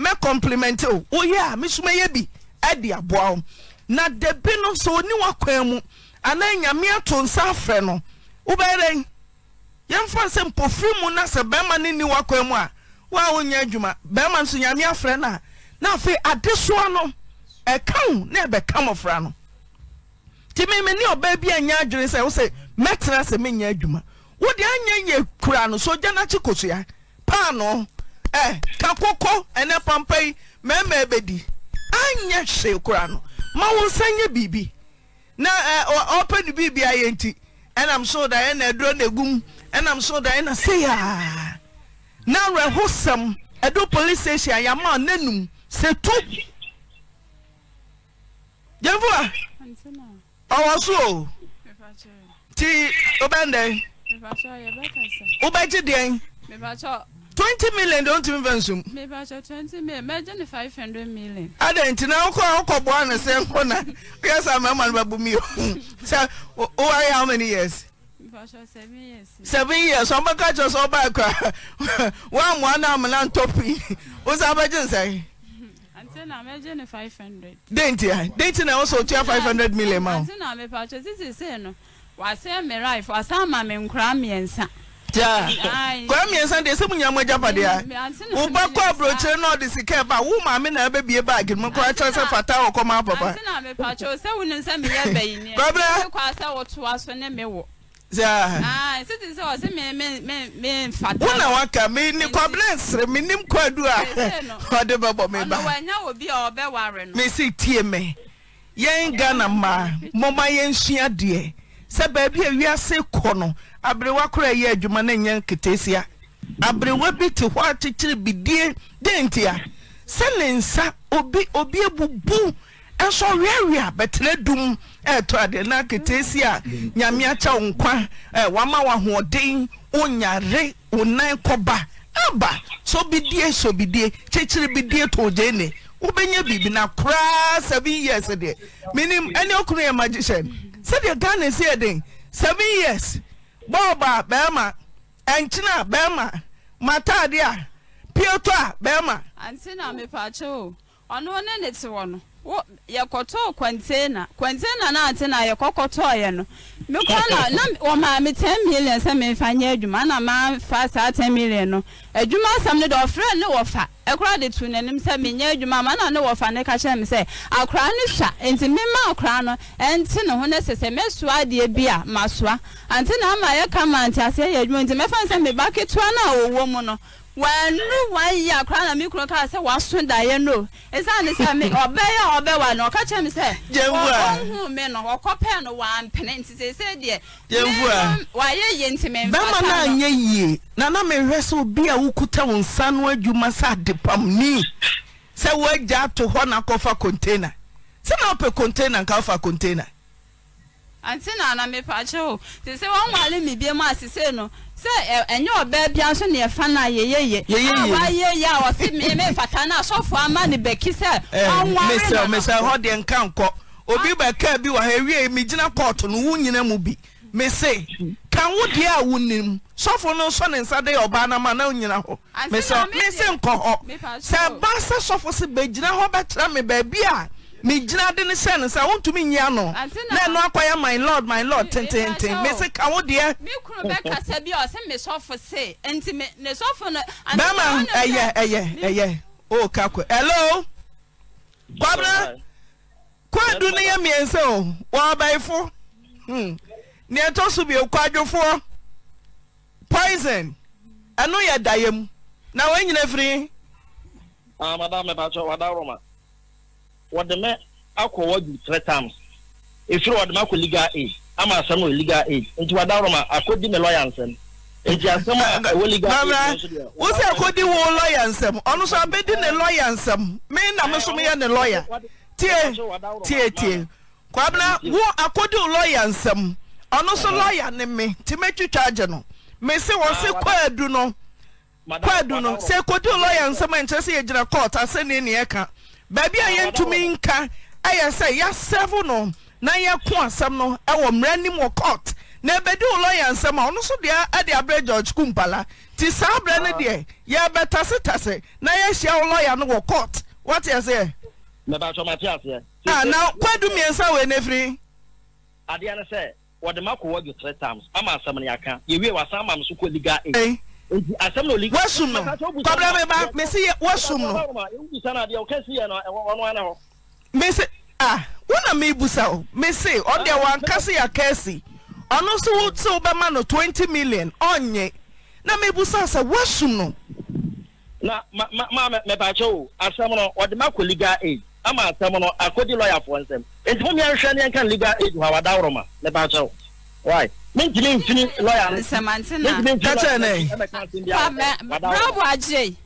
mɛ compliment o woyɛ a mesoma yɛ bi ɛde aboa wo na dabi no sɛ oni wakwan mu anaa nyame ato nsa afrɛ no wobɛyɛ dɛn yɛmfa sɛ mpofiri mu na sɛ bɛrima no ni wakwan mu a woa wonya adwuma bɛrima nso nyame afrɛ no a na afei adesoa no ɛka wo na ɛbɛka mmɔfra no nti meme ne ɔbaa bi anya adwene sɛ wo sɛ mɛtena sɛ menya adwuma wode anya yɛ kura no so ogya no akye kosua paa no ɛ eh, kakoko ɛnɛ pampa yi mɛɛma ɛbɛdi anyɛ hwee kora no ma wo nsa nyɛ biribi na ɛ eh, ɔpɛ ne biribi ayɛ nti ɛnam so da ɛna ɛduro na egum ɛnam so da ɛna se yaa na awerɛho sɛm ɛdo police station ayama n'anum setu yɛnfua ɔwɔ so o ti obɛn dɛn wobɛgye deɛn twenty million de o ti fɛ nsum. meba sɛ twenty million mɛ jɛ ni five hundred million. ada nti na ɔkɔ ɔkɔ bɔ ɔna sɛ nkɔ oh, na kuyɛ sɛ mɛma no bɛ bu mi o sɛ o oh, oh, wa how many years. seven years. seven years ɔn bɛ ka kyerɛ sɛ ɔba akora wa mu ana amuna ntɔpi o sɛ abɛgye nsɛn. ante na mɛgye ni five hundred. denti a denti na ɔsɔ otua five hundred million ma o. ante na mɛpa kyerɛ sisi sɛ no wasɛ mɛra ifo wasɛ ama mɛ nkura koa miɛsan deɛ sɛ munyamɔ gyapadeɛ a woba kɔabrɛkyerɛ no ɔde si kɛ ba womaa menaa bɛ bie baagnmkoa kerɛ sɛ fata wɔkɔma apaba wona waka mni kobenɛsere menim kwa du a ɔde bbɔ mebmesɛ tie me yɛ ga na maa mɔma yɛnsua deɛ sɛ baabi a wiase kɔ no aberewa kora yɛ adwuma no nyɛ nketesia aberewa bi te hɔ akyekyere bidie dentia sɛ ne nsa obi obi ebubu ɛnso wiawia bɛtena dum ɛɛtɔ adeɛ na ketesia nyame akyɛ nkwa ɛɛ wama wahoɔden onyare onan kɔba aba so bidie, kyekyere bidie tɔgye ne wobɛnya biribi na koraa seven years deɛ Minim ɛne ɔkuru yɛ magician. sɛdeɛ ga ne sɛɛden 7 years bɔlbaa bɛima nkyenaa bɛima matadeɛ a puoto a bɛrima antena mepaakyɛ o ɔno ne ne te wɔ no yɛkɔtɔɔ kwantee na kwantena na antena yɛkɔ kɔtɔɔ yɛ no mekɔla na wɔmaa me 10 million sɛ memfa nyɛ adwuma na mafa saa 10 million no adwuma asɛm no de ɔfrɛ ne wɔfa ɛkora de tu n'anim sɛ menyɛ adwuma ma na ne wɔfa ne ka kyerɛ sɛ akora no sua nti mema akora no ɛnte ne ho ne sɛ sɛ mɛsoa adeɛ bi a masoa ante na ama yɛka ma nti aseɛ yɛ adwuma nti mɛfa sɛ meba ketewa no a ɔwɔ mu no wɔanu wɔn yi akora na mi kunu kaa sɛ wɔaso daeɛ no esan ne sɛ mi ɔbɛyɛ ɔbɛwa no ɔka kyerɛ mi sɛ ɔhun mi no ɔkɔ pɛɛ no wampene nti sɛ sɛ deɛ yɛnfua wɔayɛ yie nti mɛ nfa ta no bɛma naa nye yie nana mi hwɛ sɛ obi a wokuta wɔn nsa no adwuma sɛ adepam nii sɛ wɔagya ato hɔ na akɔfa container. sɛ na ɔpɛ container nka ɔfa kɔntena anti na ana mepa akyɛ o te sɛ wɔn nwale mi bie mu asese no sɛ ɛnyɛ ɔbaa bia nso ne ɛfa na yeyeye a wayeye a wɔsi mi mi fata na asɔfo ama ne bɛki sɛ wɔn nwale na mesɛ mesɛ hɔ deɛ nka nkɔ obi ah. bɛka bi wɔ ha ewie mi gyina kɔɔto no wo nyina mu bi mese kan wo deɛ a wo nim sɔfo no nsɔ ne nsa de ɔbaa na ma na nyina hɔ mesɛ mese nkɔ hɔ sɛ ɛba sɛ sɔfo si bɛgyina hɔ bɛkyerɛ mi baabi a mi gyina de ne hyɛ no sɛ wontumi nyia no na ɛno akɔyɛ my lord my lord tententen mese ka wo deɛ bɛma ɛyɛ ɛyɛ ɛyɛ o ka kɔ hello kwabena kwadu ne yɛ mmiɛnsa o wɔabɛyifo hmm. nea ɛtɔ so bio kwadwofoɔ poison ɛno yɛ dayɛ mu na wɔn nyina firi. Ah, madam, me patcho, wadaroma. wɔde me akɔ wadu three times efiri wɔde me legal aid ama asɛm wɔ legal aid nti wadaworo ma akɔdi me lɔya nsɛm nti asɛm a ɛwɔ legal aid nso deɛ. wosɛ akɔdi wo lɔya nsɛm ɔno nso abɛdi ne lɔya nsɛm me na me ya na ne tie tie tie kwabena wụ akɔdi wo lɔya nsɛm ɔno nso lɔya ne me ti me twitwa agye no me se wɔn se ah, kɔ edu no kɔ edu no se kɔdi wo lɔya nsɛm a nkyɛn sɛ yɛ gyina kɔɔt asɛ ne ka. baabi a yɛntumi nka ɛyɛ sɛ yɛasɛvo no na yɛko asɛm no ɛwɔ mmerɛ nim wɔ court na ebedi wo lɔya nsɛm a ɔno so deɛ ɛde abrɛ george kumpala ti saa abrɛ no ah. deɛ yɛbɛtasetase na yɛahyia wo lɔya no wɔ court wɔte ɛseɛ ah, na kwadu mmiɛnsa wɔ ɛnɛfiri adeɛ no sɛ wɔde ma kɔwɔ dwo three times ama asɛm no yɛaka yɛwie wasan ma m so kɔ liga eight wasum no kɔbrɛ me ba mesi yɛ wasum no mesi a wona mebusa o mesi ah, ɔdeɛ wankase yɛ kɛɛsi ɔno nso wotew bɛma no million na mebusa sɛ wasum no na ma ma ma mɛbàkyɛ o asɛm no ɔde ma kɔ legal aid ama asɛm no akɔdi lɔyafoɔ nsɛm nti mo mìíràn hwɛ ne yɛn legal aid wɔ awadaworo ma mɛbàkyɛ o. why mintini ntini lɔya no sɛmantina kakyɛ nɛ bravo agye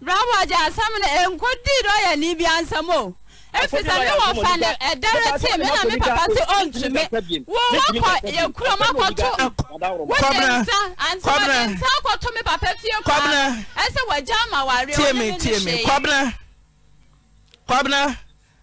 bravo agye asɛm no ɛnkɔdi lɔya ni bi ansɛm o efisɛ mi wɔ fa no ɛdɛrɛ tie mi na mi papa ti o ntumi wo wakɔ yɛ kurom akɔto wɔde nsa anti wɔde nsa akɔto mi papa fie kɔ a ɛsɛ wɔgya ama wari ɔne ne ne hyɛ yi kwabena kwabena.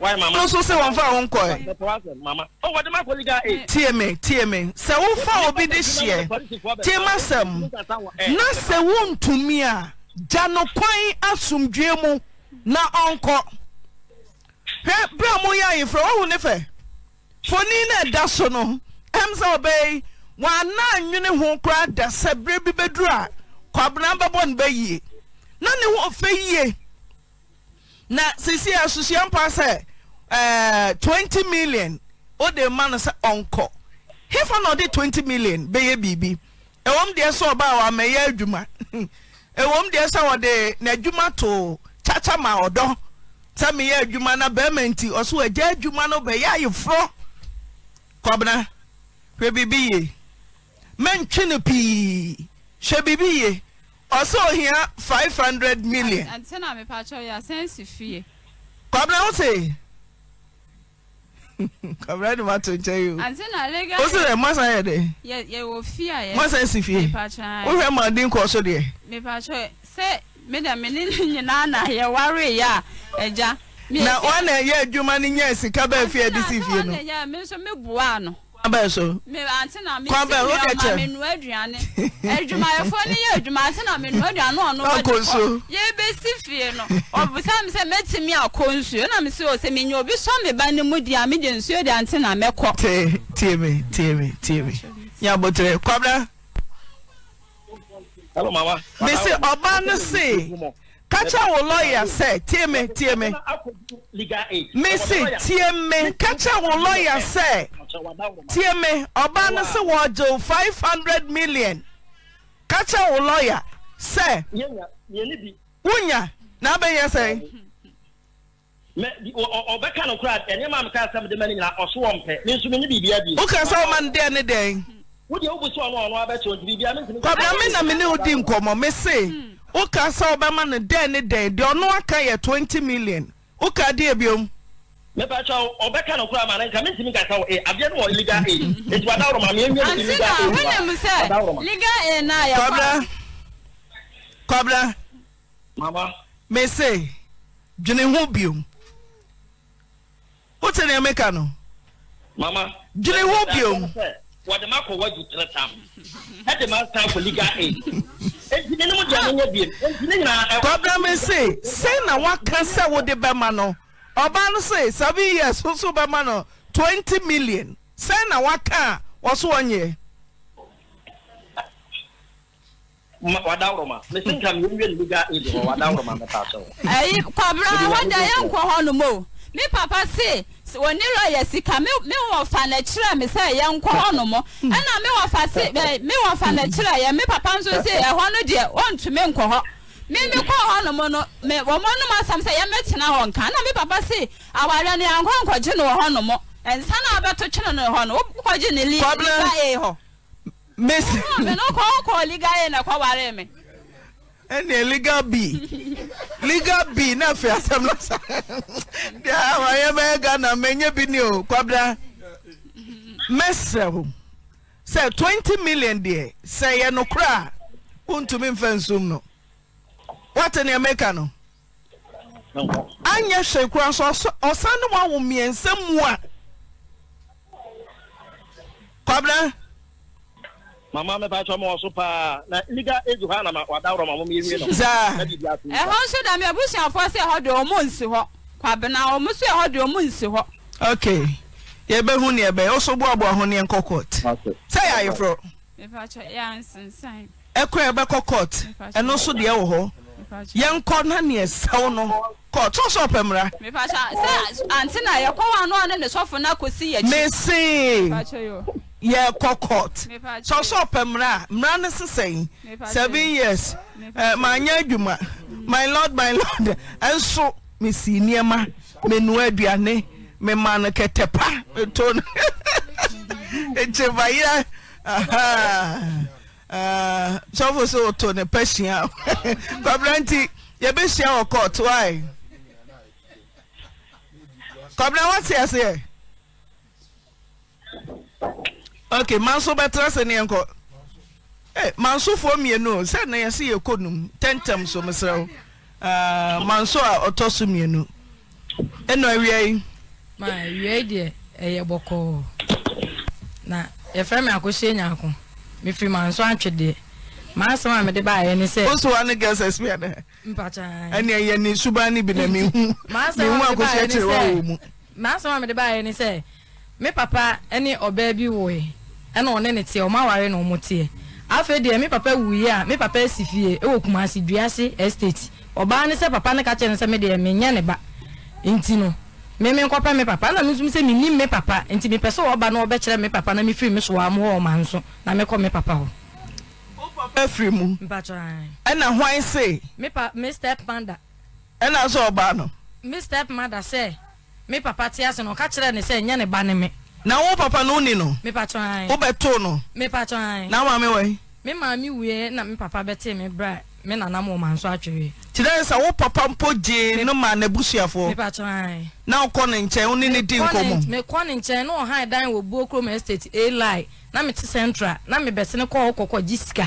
no so sɛ wɔmfa wo nkɔe tie me tie me sɛ wofa obi de hyeɛ tie ma sɛm na sɛ wontumi a gya kwan asomdwue mu na ɔnkɔ hwɛ berɛ a moyɛ ayefrɛ woahu ne fɛ foni no ɛda so no ɛm sɛ ɔbɛyi wɔana nwene ho koraa da sɛ berɛ bi bɛduru a kwabena bɛbɔ no bɛyie na ne ho ɔfɛ yie na sisi asusua mpa sɛ 20 eh, million o de ma no sɛ ɔnkɔ hefa na ɔde 20 million bɛyɛ biribi ɛwɔm deɛ sɛ ɔba a wɔamɛyɛ adwuma ɛwɔm deɛ sɛ wɔde n'adwuma to kyakya ma ɔdɔ sɛ meyɛ adwuma na bɛrima nti ɔso agya adwuma no bɛyɛ ayeforɔ kɔbena hwɛ biribi yie mɛntwe no pii hwɛ biribi yie ɔsɛ ohia million kɔbena wo se kabra de ma to nkyɛn yi o. ase na legal. o si dɛ masa yɛ dɛ. yɛ yɛ wɔ fi a yɛ. masa si fie. mipatwa yɛ. o hwɛ manden kɔ so deɛ. mipatwa yɛ sɛ mi dɛ mi ni nyinaa na yɛ wari yɛ a ɛgya. na wɔn na yɛ adwuma ni nyɛ sika bɛɛ fi ɛdi si fie no. ase na wɔn na yɛ mi nso mi a ano bẹ́ẹ̀ so. kwan bẹ́ẹ̀ o kẹ̀ kyẹ́. adwumayɛfoɔ no yɛ adwuma ante na menu aduane ɔno ɔkɔ nsuo. yɛbɛsi fie no ɔbusa mi sɛ mɛtumi akɔ nsuo na mi sɛ ɔsɛ mi nya obi sɔ mi ba ne mu di a mi de nsuo di ante na mɛkɔ. tie tie mi tie mi tie mi nya abotire kwabra. hello mama. bisi ọba ne se kacha wo lawyer sɛ tie me tie me mesi tie me kacha wo lawyer sɛ tie me ɔbaa no sɛ wɔgye wo five hundred million kacha wo lawyer sɛ wonya na abɛyɛ sɛ. ɔbɛka no kora ɛnneɛma a meka asɛm de ma no nyinaa ɔso wɔ mpɛ me nso menye biribia bi woka sɛ woma no deɛ ne dɛn wodeɛ wobu so ɔno ɔno abɛkyɛ ɔnti biribia me nkɔbra me na mene wo di nkɔmmɔ me woka sɛ wobɛma no dɛn ne dɛn deɛ ɔno aka yɛ 20 million woka deɛ biom mepatwa ɔbɛka no koraa ma no nka mentimi nka sɛ e eh, adeɛ no wɔ legal aid nti wadawroma meɛmia ne legal aid wonyam sɛ legal aid na yɛ kwabra kwabra mama me se dwene ho biom wote nea meka no mama dwene ho biom wɔde ma kɔ wadu tere tam ɛde ma san for legal aid kɔbɛmi say say na waka sɛ wode bɛma no ɔba no se seven years nso bɛma no twenty million sɛ na waka a wɔso wɔnyɛ. ɛyi kɔbra wɔda yɛnkɔ hɔ nom o me papa se onni lɔ yɛ sika mewɔ fa n'akyerɛ me sɛ yɛ nkɔhɔ no mɔ ana mewɔ fa nakyerɛ yɛ me papa nso se ɛhɔ no deɛ ɔntume nkɔ hɔ kɔɔhɔ no m no mɔnom asam sɛ yɛmɛtena hɔ nka na me papa se aware ne ankɔnkɔgye ne wɔ hɔ no mɔ ɛnsa ne wabɛto kyene no hɔnkɔgye ne lga hɔɔ ligan ɛrm ɛneɛ ligal b ligal b na afei asɛm nasa deɛ wayɛmɛɛga na manyɛ bi ne o kwabena mɛsrɛ ho sɛ 20 million deɛ sɛ yɛ nokoraa wontumi mfɛ nsom no wate neɛmeka no anyɛ hwɛ kora so ɔsa ne waawo mmiɛnsɛm mu a w mama mɛfa kyɛ ma wɔ so paa na liga age hɔ anam wadawrɔ ma moma yɛwie no ɛhɔ nso da me abusuafoɔ sɛ ɛhɔ deɛ ɔmo nsi hɔ kwabena ɔmo so ɛhɔ deɛ ɔmo nsi hɔ ok yɛbɛhu ne ɛbɛyɛ wo so boaboa ho neɛ nkɔ court sɛ yɛ ayeforɔ ɛkorɛ yɛbɛkɔ court ɛno so deɛ wɔ hɔ yɛnkɔ na neɛ sɛw no mesee yɛk cossopɛ mmera mmra ne sesai s yeas manya adwuma mylordmylord nso mesi nneɔma menua aduane mema no kete pa metkia sfo so ɔtone pa sia ra nti yeɛsia c kɔbena wate aseɛ ok manso bɛtena sɛ neɛ nkɔ eh, mansofoɔ mmienu sɛ na yɛse yɛkɔ num tɛntɛm so mesrɛ wo uh, manso a ɔtɔ so mmienu ɛna awia yi ma awia yi deɛ ɛyɛ bɔkɔɔ na yɛfrɛ me akɔhyɛ nyanko mefiri manso atwedeɛ maa sọ ma de ba ayẹ ni sẹ. o sọ wa ni girls experience dẹ. mpacha ayi. ẹni ẹyẹ ni suba ni bi na mi hu mi hu akosi ẹkyẹrẹ wa wọ mu. maa sọ ma de ba ayẹ ni sẹ mi papa ẹni ọbẹ bi wọ yi ẹna ọne ne tiẹ ọmọ awari na ọmọ tiẹ afei deɛ mi papa wu yi a mi papa esi fie ɛwɔ kumasi duase estate ɔbaa ne sɛ papa ne ka ni ne sɛ mi deɛ mi nyɛ ne ba nti no mímí nkɔpɛ mi papa ɛna mi nso sɛ mi nim mi papa nti mi pɛ sɛ ɔba na ɔbɛkyerɛ mi papa na mi firi mi so wɔ amu hɔ ɔma nso na mi kɔ mi papa hɔ. afiri mu ɛna hwan se ɛna sɛ ɔbaa no me papa te ase no ɔka kyerɛ ne sɛ ɛnyɛ ne ba ne me na wo papa no woni no wobɛtoo no na maame wai me maame wie na me papa bɛtee me brɛ me nanam wɔ manso atwere nti wo papa mpo gyee no ma n'abusuafoɔ na wokɔ ne nkyɛn wo ne ne di nkɔmmɔ mekɔ ne nkyɛn na ɔhan dan wɔ buo kurom estate ali na mete central na mebɛsene kɔɔ kɔkɔ gye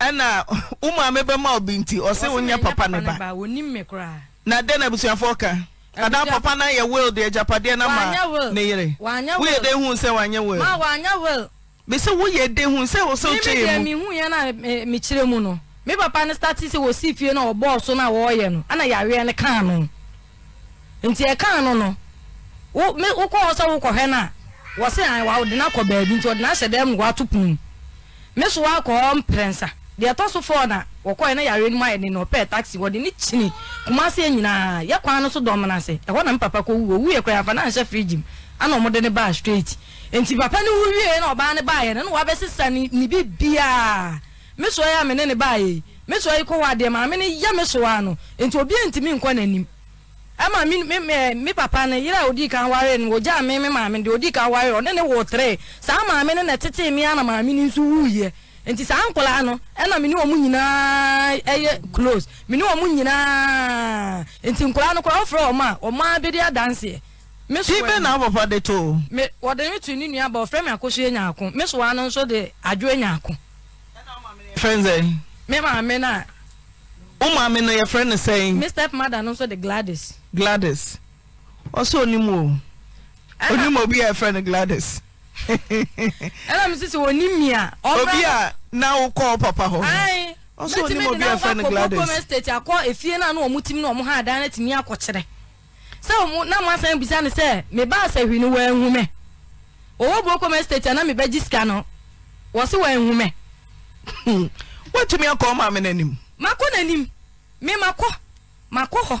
ɛna ụmụ obi nti papa ne ba na dɛn na ka papa na yɛ will de na ma ne yere woyɛ dɛn hu sɛ wanyɛ will sɛ mu eh, eh, mu no me papa fie a wɔɔyɛ no ya yɛaweɛ no kaa no nti ɛkaa no no wokɔ hɔ sɛ wokɔhwɛ no a wɔ sɛ wɔde na akɔ baabi nti ɔde dɛm so mprɛnsa deɛ ɛtɔ so fɔɔ na wɔkɔɛ na yare no ayɛ ne na ɔpɛɛ taxi wɔde ne kyini kuma nyinaa yɛ kwan no so dɔm no ase ɛhɔ na mpapa kɔ afa na ana ɔmode ne baa straight nti papa na ɔbaa ne baayɛ no na wabɛsesa ne ne me soɔ yɛ ne ne baayɛ me soɔ yi kɔ hɔ adeɛ maame ne yɛ me soɔ ano obi ntumi nkɔ n'anim ɛma mi papa ne yere a odi kan ware no mi mi maame de odi kan ware ɔne ne na nti saa nkwadaa no ɛna mene wɔn nyinaa ɛyɛ close mene wɔn nyinaa nti nkwadaa no koraa wɔfrɛ wɔn a wɔn abɛdi adanseɛ tibe na papa de to. me wɔde mi tu ne nua ba ɔfrɛ mi akoso yɛ nyaako me so wa no nso de adwo yɛ nyaako. fɛn sɛ. Eh? me maame na. o maame no yɛfrɛ ne sɛn. me step mother no nso de gladys. gladys ɔsɛ onimu o onimu obi a yɛfrɛ no gladys. ɛna mi sisi wɔn ni mia. obi a na wokɔ papa hɔ. Ayi, wɔn ni na bi afɛ ni gladys. mɛtumi de na wakɔ akɔ efie na wɔn mu tim na wɔn ha adan na tumi akɔkyerɛ sɛ wɔn na wɔn asan bisa ni sɛ mi ba asɛhwi ni wɔn ehumɛ wɔwɔ buroko mɛ state a na mi bɛ gyi sika no wɔsi wɔn ehumɛ. Hmm. wɔtumi akɔ ɔmo amena anim. mako n'anim mi mako mako hɔ.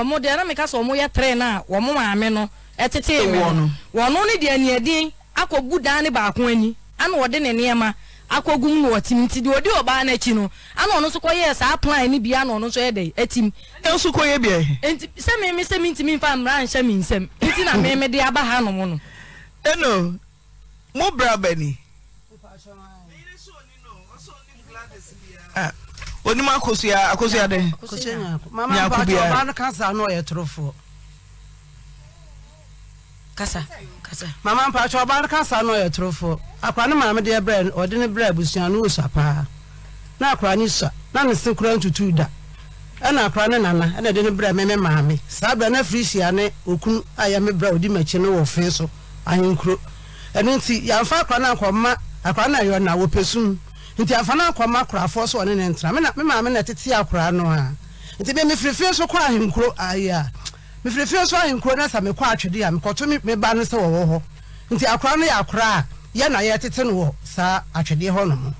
wɔn deɛ na meka sɛ wɔn yɛ tren na wɔn maame no ɛtete mi no wɔn no deɛ neɛdin akɔgu dan ne baako ani ana wɔde ne nneɛma akɔgu mu na wɔte mu nti deɛ ɔdi ɔbaa n'akyi no ana ɔno nso kɔyɛ saa plan ne bia na ɔno nso yɛ dɛ ɛti mu. ɛn nso kɔyɛ bia. nti sɛ mímí sɛ mi ntumi nfa mmira nhyɛ mi nsɛm nti na mímí de aba ha nom no. ɛnno mo bra bɛni. onim akosua akosua no kasa kasa kasa mama mpakyɛ ɔbaa no kasa na ɔyɛ akwa ne maame deɛ brɛ ɔde ne brɛ abusua no wosua paa na akwa ne sua na ne se ntutu da ɛna akwa ne nana ɛna ɛde ne brɛ maame saa brɛ ne a yɛ me brɛ odi wɔ so ahenkuro nti akwa akɔma akwa na wɔpɛ sum nti afana no akɔma akorafoɔ so ɔne ne ntena me maame na ɛtete akora no a nti me mefirifiri so kɔ ahenkuro ayi a mefirifiri so ahenkuro na sa mekɔ atwede a mekɔto me ba no sɛ wɔwɔ hɔ nti akora no yɛ akora a yɛ na yɛtete no wɔ saa atwedeɛ hɔ nom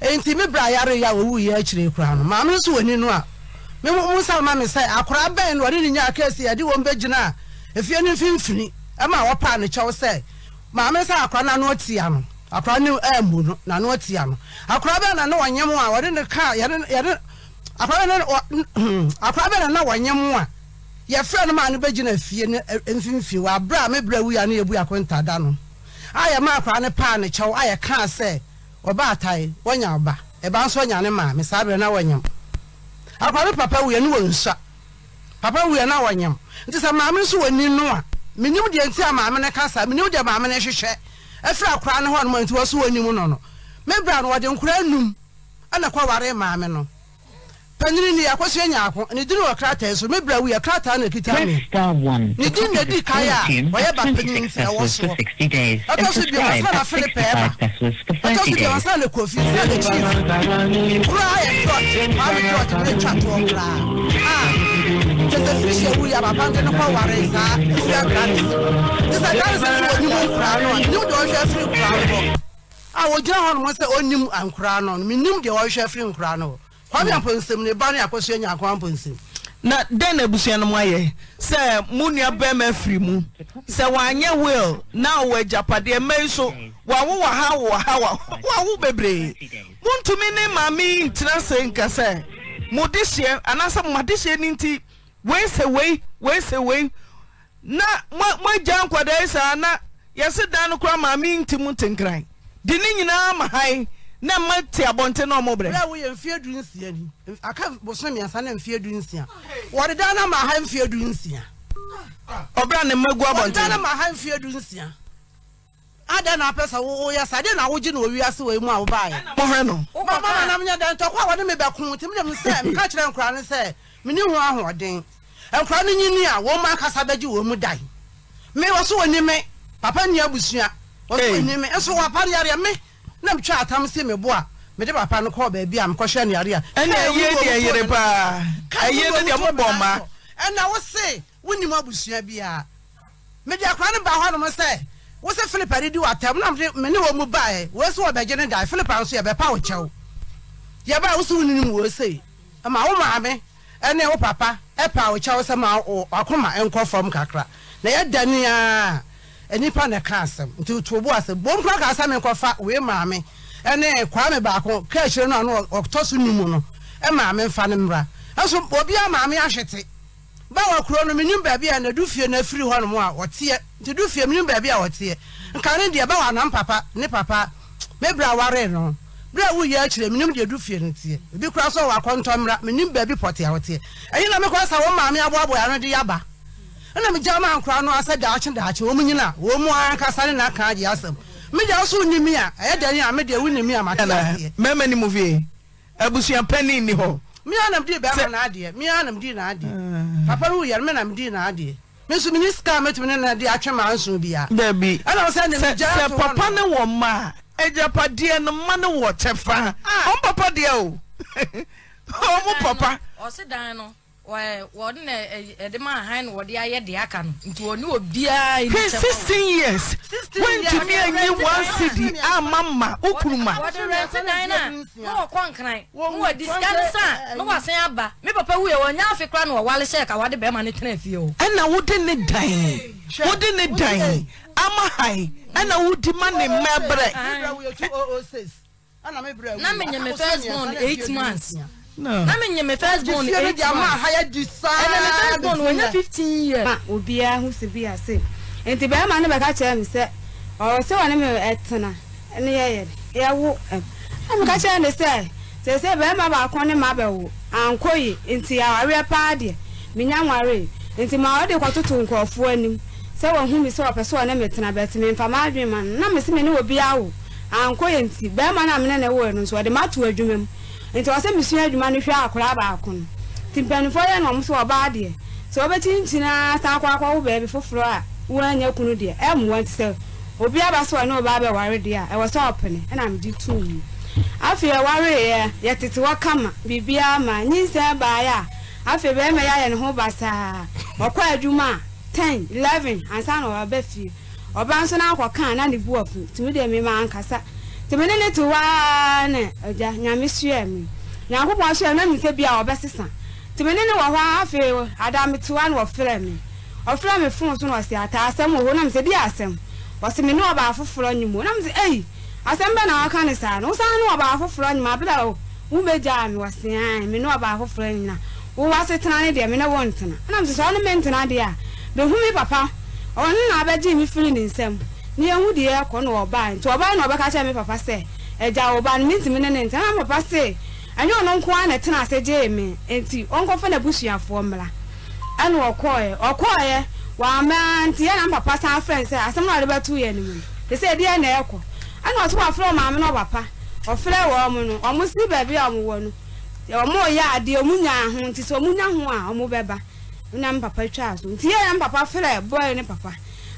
nti me bra yare yɛ a wɔwu yɛ akyire kora no maame no so wɔ ni no a mu nsa ma me sɛ akora bɛn no ɔne ne nya akɛsi yɛde wɔn bɛgyina a efie no mfimfini ɛma wɔpa ne kyɛw sɛ maame sɛ akora no ano ɔtia no akora ne ɛmbu no na ne ɔtia no akora bɛ na ne wɔnyɛ mu a wɔde ne kaa yɛde yɛde akora bɛ na akora bɛ na na wɔnyɛ mu a yɛfrɛ no maa no bɛgyina fie ne e, mfimfini wɔ abere a mebere wuya ne yɛbu akontada no a yɛma akora ne paa ne kyɛw a yɛkaa sɛ ɔba atae wɔnya ɔba ɛba nso nya ne maame saa bere na wɔnyam akora ne papa wuya ne wɔ nsua papa wuya na wɔnyam nti sɛ maame nso wɔ ni no a menim deɛ nti a maame ne kasa menim deɛ maame ne hwehwɛ ɛfiri akora no hɔ nom nti wɔ so wɔ no no mebra no wɔde nkora num ɛna kɔware maame no panini ni akɔsi enya ako ne dini wɔ krataa so mebra wuya krataa na kita mi ne dini na di kaya a ɔyɛ ba panyin nti ɛwɔ soɔ ɛtɔ so bi ɔsɛ na philip ɛba ɛtɔ so bi ɔsɛ na kofi ɔsɛ chief kura ayɛ dɔt maame dɔt ɛtwa toɔ koraa ah nti sɛ firi hyɛ wuyi a papa nti ne kɔ ware saa ɛsi agrante nti sɛ agrante sɛ sɛ wɔnim nkoraa no a nim deɛ ɔhwɛ firi nkoraa no a wɔgyina hɔ nom sɛ ɔnim nkoraa no menim deɛ ɔhwɛ firi nkoraa no kwame apɔnsɛm ne ba ne akɔsua nyankopɔn apɔnsɛm na den na abusua no mu ayɛ sɛ mu nua bɛrima firi mu sɛ wanyɛ will na wɔ agyapadeɛ mmɛyi so wawo wɔ ha wawo bebree muntumi ne maame yi ntena se nka sɛ mo de hyɛ anaasɛ mo ma de hyɛ ne nti weisɛ wei weisɛ wei na moagya nkwadaa saa na yɛse dan kora maa menti mu tenkran de ne nyina ma na ma te na ɔmɔbrɛ woyɛ mfeɛ du nsia ni aka bosomiɛnsa na mfeɛ du nsia wɔde dan na ma ha du nsia ne na ma ha mfeɛ du nsia ada na na wogye na owiase wei mu a wobaeɛ no mama na nam ya dɛn ne ho nkura no nyini a wɔn mu akasa bɛgye wɔn mu dan me wɔ so wɔ ni me papa nni abusua wɔ so wɔ ni me nso wɔ apare yare me na metwa atam si me bo a mede papa no kɔɔ baabi a mekɔhwɛ ne yare a ɛna ɛyɛ deɛ yere paa ɛyɛ ne deɛ mobɔ ma ɛna wo se wonim abusua biara mede akora no ba hɔnom sɛ wo se philip ade di na me ne wɔ mu baeɛ wei so wɔbɛgye ne dae philip nso yɛbɛpa wo kyɛw yɛbaa wo so wonim wɔ sei ma wo maame ɛne wo papa ɛpa wo kyɛw sɛ ma akoma ɛnkɔ fam kakra na yɛda ne a nipa na ka asɛm nti to bo asɛ bom kora ka asɛm nkɔfa wei maame ɛne kwame baako ka akyire no ano ɔtɔ so mu no ɛmaame mfa no mmra nso obiara maame ahwete ba wɔ kuro no menim baabi a na du fie no afiri hɔ nom a wɔteɛ nti du fie menim baabi a wɔteɛ nkane ne deɛ ba wɔ anam papa ne papa mebra ware no bere a wuyɛ akyire menim deɛ du fie no tie ebi kura so wɔ akɔntɔmmra menim baabi pɔte a wɔteɛ ɛyi na mekɔ sa wɔn maame aboaboa ano de yaba ɛna megya ma nkora no asɛ daakye daakye wɔn nyina wɔn mu ankasa ne n'aka agye asɛm media nso nimi a ɛyɛ dɛni a media wo nimi a ma te aseɛ. mɛmɛ ni mu fie abusua pɛni ni hɔ. mmea nam di bɛrima n'adeɛ mmea nam di n'adeɛ ah. papa no wuyɛ no nam di n'adeɛ nso mini sika a mɛtumi ne na de atwe maa nson bia. dabi ɛna sɛ papa ne wɔ die no ma no wɔ kyɛfa ah. ɔm papa deɛ o ɔmo papa ɔse dan no wɔde na ɛde ma ahan no wɔde ayɛ deɛ aka no nti wɔne years one cd a ma okuruma na sa aba me papa ka o ɛna wode ne dan wode ne dan ama ɛna wodi ma ne mma berɛ na menyɛ me first born eight months na menyɛ me first born eight months ɛna me first born wɔnyɛ fifteen years. obiara ho si bi ase nti bɛrima no bɛka kyerɛ me sɛ ɔwɔ sɛ wɔne me ɛtena ne yɛyɛ yɛwo ɛmu ka kyerɛ ne sɛ sɛsɛ bɛrima baako ne ma bɛwo ankɔ yi nti awareɛ paa deɛ menya nware nti ma ɔde kɔtoto nkurɔfoɔ anim sɛ wɔhu mi sɛ wɔpɛ sɛ ɔne me tena bɛte me mfama adwene ma no na mese me ne obi awo ankɔ yɛ nti bɛrima no a mene ne woɛ no nso ɔde mato adwuma mu nti ɔsɛ mesua adwuma no hwɛ akora baako no nti mpanimfoɔ yɛ na ɔm sɛ ɔbaa deɛ sɛ wɔbɛkyinkyina san akɔ wo baabi foforɔ a woanya kunu deɛ ɛmmoa nti sɛ obi aba sɛ ɔne ɔbaa bɛware deɛ a ɛwɔ sɛ ɔpene ɛna mede too mu afei ɛwareeɛ yɛtete hɔ kama biribiaa ma nyinsɛ baeɛ a afei bɛrima yɛ ne ho basaa ɔkɔ adwuma a ten eleven ansa na ɔba fie ɔba nso n'akɔ kan na ne bu ɔfu tumi deɛ mi ma ankasa tumi ne ne ti waa ne ɛgya nyame sua mi nyankopɔn sua mi na mi sɛ bi a ɔbɛsesa tumi ne ne wɔ hɔ afei adamitiwa na ɔfrɛ mi ɔfrɛ mi fon so na ata asɛm wɔ hɔ na mi sɛ bi asɛm ɔsi mi ne ɔba afoforɔ ni wɔ na mi sɛ ɛyi asɛm bɛ na ɔka ne saa no wosan ne ɔba afoforɔ nyim abira o wo bɛ gya mi wɔ sean mi ne ɔba afoforɔ nyina wo wɔ asetena ne deɛ mi ne wɔn ntena na mi sɛ sɛ ɔne mi ntena deɛ bɛhu papa ɔno na abɛgye me firi ne nsam ne yɛhu deɛ ɛkɔ nti na ɔbɛka kyerɛ me papa sɛ agya ɔbaa no mentimi ne ne nti na papa sɛ ɛnyɛ ɔno nko a na ɛtena ase gyee me nti ɔnkɔfa n'abusuafoɔ ɛna nti na papa san mu te na no si a no adeɛ nya nya a na m papa twaa so nti yɛ m papa frɛ bɔɔl ne papa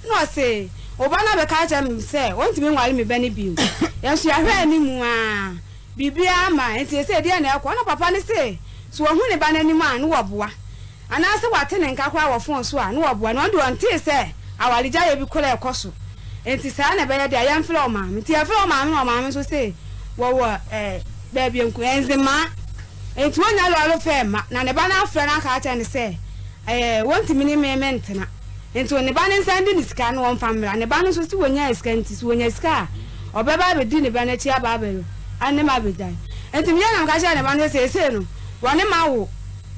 na ɔse ɔba na bɛka kyerɛ me sɛ wɔntumi nware me bɛ ne bio yɛnso yɛahwɛ ne mu a biribiara ma nti ɛsɛ ɛdeɛ na ɛkɔ na papa ne se so wɔhu ne ba n'anim a ne wɔboa anaasɛ wɔate ne nka koraa wɔfon so a ne wɔboa na ɔde ɔntee sɛ awaregya yɛ bi koraa ɛkɔ so nti saa na ɛbɛyɛ deɛ yɛmfrɛ ɔmaame nti yɛfrɛ ɔmaame na ɔmaame nso se wɔwɔ ɛɛ baabi nko ɛnzemaa nti wɔnya lɔɔre fɛɛ ma na ne ba no afrɛ no aka akyɛ ne sɛ ɛɛ eh, wɔntumi ne mɛmɛ ntena nti wɔn ne ba ne nsa de ne sika no wɔn fa mmira ne ba no nso si wɔnya sika nti si wɔnya sika a ɔbɛba abɛdi ne ba n'akyi aba abɛyɔ ɛne ma abɛgya nti mmea nam kakyɛ ne ba no sɛ ese no wɔne ma wo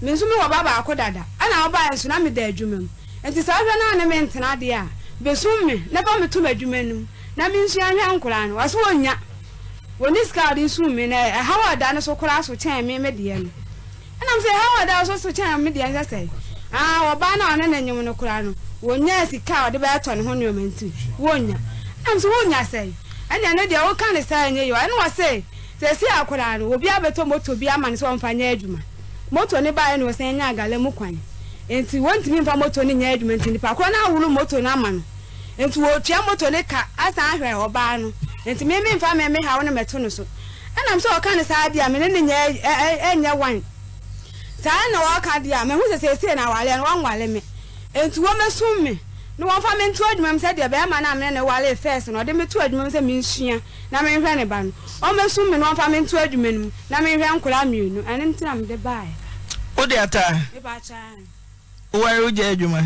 me nso mi wɔ ba baako dada ɛna ɔba nso na mi da adwuma mu nti saa ɔhwɛ naa ne mi ntena deɛ a besum mi ne fa mi tum adwuma no mu na mi nso ahwɛ nkoraa no wɔso wɔnya wɔne sika a ɔde nso mi na ɛhaw ɔda no so koraa so kyɛn mi mi deɛ no ɛnam sɛ ɛhaw ɔda so so kyɛn mi deɛ nsɛsɛ a ɔbaa no a ɔne n'anim no koraa no wɔnya sika a ɔde bɛtɔ ne ho nneɛma nti Wonya. nam so wɔnya sɛe ɛnea no deɛ woka ne saa nyɛ yiwa ɛne wɔ se sɛsi akoraa no obi abɛtɔ moto bi ama ne sɛ ɔmfa nyɛ adwuma moto ne baeɛ no wɔsɛn nyɛ agala mu kwan nti wɔntumi mfa moto no nyɛ adwuma nti nipa korɔ no ahoro moto na ama no nti wɔtua moto ne ka asan ahwɛ ɔbaa no nti mimi mfa mɛmɛ ha wo ne mɛto no so ɛnam sɛ ɔka ne saa deɛ a ne nyɛ ɛnyɛ wan saa na wɔka deɛ a mehu sɛ seesei na no me me na wɔmfa me nto adwuma m sɛ deɛ no a na wale fɛs no ɔde me m sɛ mensua na menhwɛ ne ba no me na wɔmfa me nto adwuma no mu na menhwɛ nkora mmienu ɛne na mede wode ataa woware wogya adwuma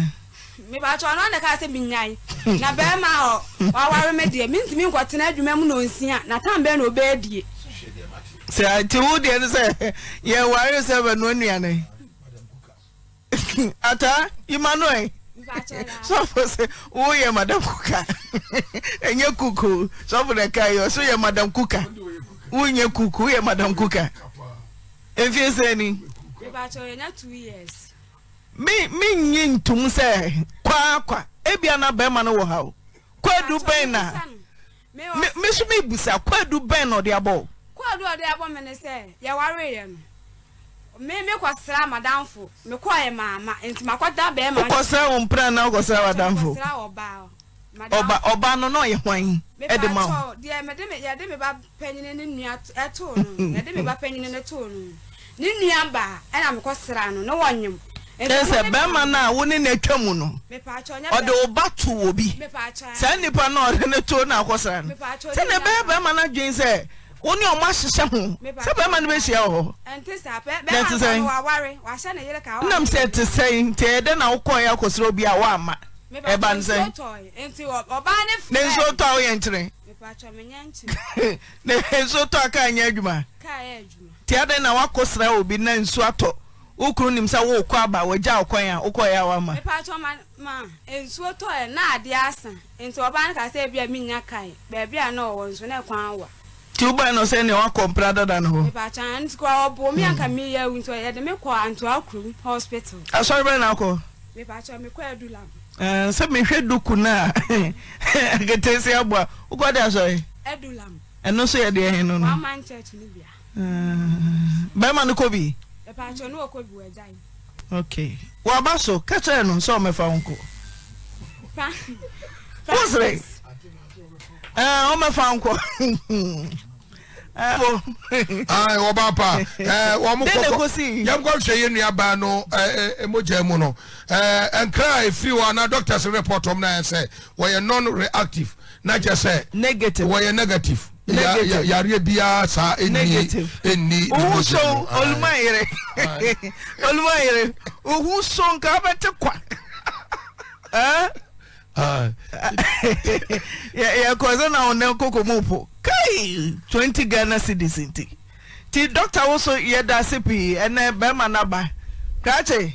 mebakyɛ ɔno ne kaa sɛ menyae na hɔ waware me deɛ nkɔtena adwuma mu na ɔnsia na na nti wodeɛ no sɛ yɛware sɛno nuane aaa yima noɛwoyɛ madam ayɛ ɛ a woy oyɛ maa kka mf sɛn meye ntom sɛ kwaaka ebiana baima no wɔ ha aa ɛnnames mɛ sa kaad bɛn na mekɔɔ do ɔde abɔ me ne sɛ yɛwareeɛ no me mekɔsra madamfo mekɔɛ maama nti makɔda bɛɛma wokɔsra wo mpra na wokɔsra wadamfo ɔba ɔba no na ɔyɛ hwan ɛde ma wo deɛ mede me yɛde me ba panyini ne nua ɛtoo no yɛde me ba panyini ne too no ne nua ba ɛna mekɔsra no na wɔnyem kyɛ sɛ bɛrima no a wo ne no atwa mu no ɔde wo ba to wɔ bi saa nnipa no ɔde ne too no akɔsra no sɛne ɛbɛyɛ bɛrima no adwen sɛ wo ne ɔmɔ ahyehyɛ ho sɛ bɛima ne bɛhyia wo hɔɛte sɛnam sɛ ɛte sɛe nti ɛɛdɛn na wokɔɛ akɔserɛ obi a woama bansɛsuotɔ a woyɛ nkyee nsuotɔ aka nyɛ adwuma ntɛn na woakɔsera obi na nsuatɔ wo kro nim sɛ woekɔ aba wagya okɔn a wokɔɛ awoama ti woba no sɛ nnea woakɔ mpena dada ne hɔasare bɛɛ na ɔsɛ mehwɛ do ku no a akatesi aboa wokɔde sre ɛno soyɛde hɛo baima no kɔbi waba so kɛkyɛɛno sɛ mɛfa wokɔ Eh, ọ mẹ́fà nkọ. Eh, ayi ah, wọ́n bá pa eh, wọ́n mu kọ́kọ́ yẹn kọ́ ṣe yé nua bá no emoja mu no nkira efi wa na doctors report ọmọ náà yẹ sẹ wọ́n yẹ non-reactive náà kyẹ sẹ wọ́n yẹ negative yàrá biara saa ẹni ẹni owuso olumayere ah. ah. olumayere owuso nka abẹ ti kwa. yɛkɔsɛ na ɔnɛ kokɔmu po kai 20 ghana cities nti nti dɔkta wo so yɛda ase pii ɛnɛ bɛrima no ba krakye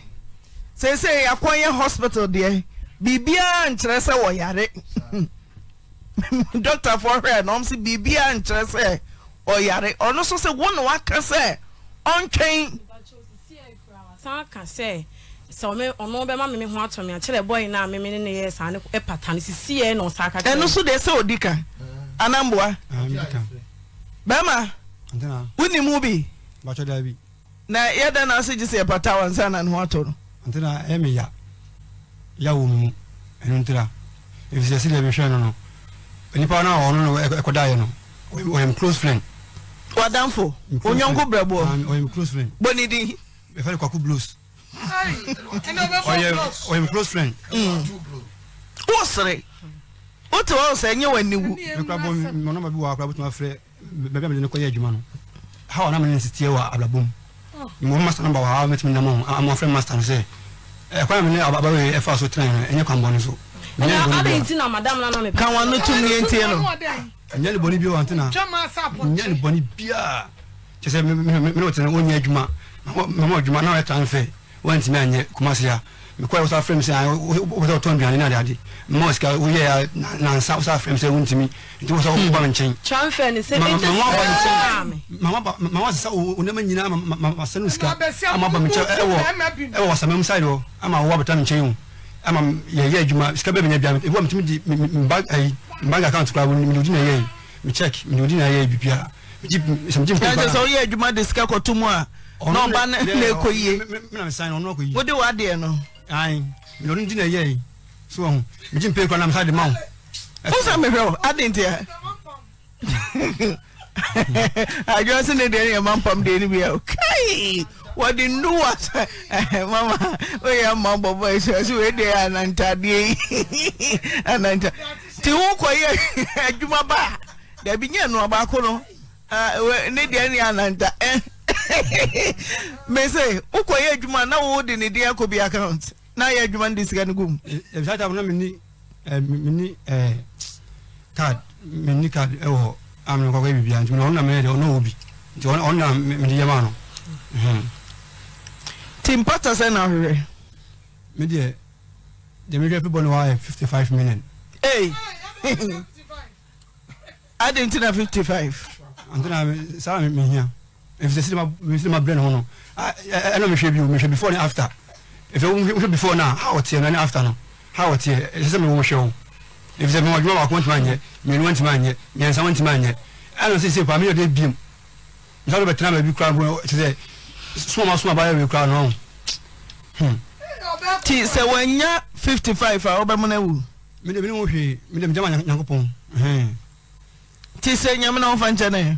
seesei yɛakɔn yɛ hospital deɛ biribiaa nkyerɛ sɛ yare dɔktafoɔ hwɛ na ɔm sɛ biribiaa nkyerɛ sɛ ɔyare ɔno so sɛ wo ne waka sɛ ɔntwɛn so me on sɛ ɔno bɛma me ho ato me a chere boy na me me ne no e saa ne e no sisiɛ na ɔsa ka ɛno so deɛ sɛ ɔdi ka anamboa ah, bɛma uni mu bi ba cho da bi na ye da na ase gye sɛ pata wan sa na ne ho atɔ no ntena e me ya ya wo mu ɛno ntira e se le sɛdeɛ mehwɛ no no nnipa no e ko da ye no o em close friend wadamfo onyɔnko brɛboɔ o ah, em close friend bɔne din mɛfɛ no ku blues ɔyɛ close friend. Mm. wọ́n oh. sèré wọ́n ti wọ́n sẹ́ ẹ̀ ń yẹ wọ́n ni wu. nkura bɔ mɔ nɔmba bi wɔ akura bó tuma fɛ bɛbi a mi de ne kɔ yɛ juma no ha wa n'a ma ne si tiɛ wa abila bom mɔ masta namba wa ha mi ti mi lamɔ a mɔ fɛn masta sɛ ɛ mi ne abawo ye ɛfa so tɛnɛ yɛrɛ ɛ n yɛ so. ɛna ala yi ti na madam nana mi. kan wa ne tun ye n tiɲɛ nɔ. n yɛ ni bɔnni bi wa n ti na n ni bɔnni biya cɛ sɛ mi n'o tɛ ne ko n yɛ juma Mama juma n'o yɛ t'an fɛ. wantumi anyɛ kumasi a mekɔ wosa frɛ m sɛ wosɛ wotɔ nduane no adeade ma wo sika woyɛ nansa wosa frɛ m sɛ wontumi nti wosɛ woba me nkyɛnmama sesa onama nyinaa masɛ no sika ama ba me wasama mu side hɔ ama wowa bɛta me nkyɛn o ama yɛyɛ adwuma sika bɛ menya bia ebi metumi de mbank eh, account koraa mede wodi na ɛyɛ me mede wodi na ɛyɛ biribiara sɛ woyɛ adwuma de sika kɔto mu a na ọba na-ekọ ihe wode wa adeɛ no ɔno di na ɛyɛ yi so ɔho megye mpe kora nam sa de ma wo wosa mehwɛ wo ade nti a adwa se ne deɛ ne yɛma mpam deɛ no bi a kai wɔde nnuwa mama woyɛ ma bɔbɔ ɛsɛ sɛ wei deɛ anantadeɛ yi ananta nti wokɔyɛ adwuma ba a dabi nyɛ noabaako no ne deɛ ne yɛ ananta eh. mese wokɔyɛ adwuma na wowode ne din akɔ bi account na yɛ adwuma no de sika eh, eh, no gum ɛbisatam na menni eh, menni card menni card ɛwɔ hɔ amenkɔkɔ ah, bibia nti ɔno na meyɛ deɛ ɔno wɔ bi nti ɔno na mede yɛ maa no nti mpata sɛ na ahwerɛ medeɛ deɛ mehwɛ fi bɔ no wayɛ 55 million ei ade nti na 55 antina saa mehia efisɛ sinima sinima blend ho no ɛna mehwɛ bi o mehwɛ before and after If you wohwɛ before na ha ɔteɛ na ne after no ha ɔteɛ ɛsɛ sɛ mewɔ hwɛ o efisɛ mewɔ adwuma baako ntoma nyɛ mmienu ntoma nyɛ mmiɛnsa ntoma nyɛ ɛna sɛ sɛ paa meyɛ de biem nsa do bɛtena baabi kura bo kyerɛ soma soma baayɛ wei kura no ɔho ti sɛ wɔnya fifty five a wɔbɛmo no awu mede mene wɔ hwee mede megyama nyankopɔn ti sɛ nyame na wofa nkyɛ ne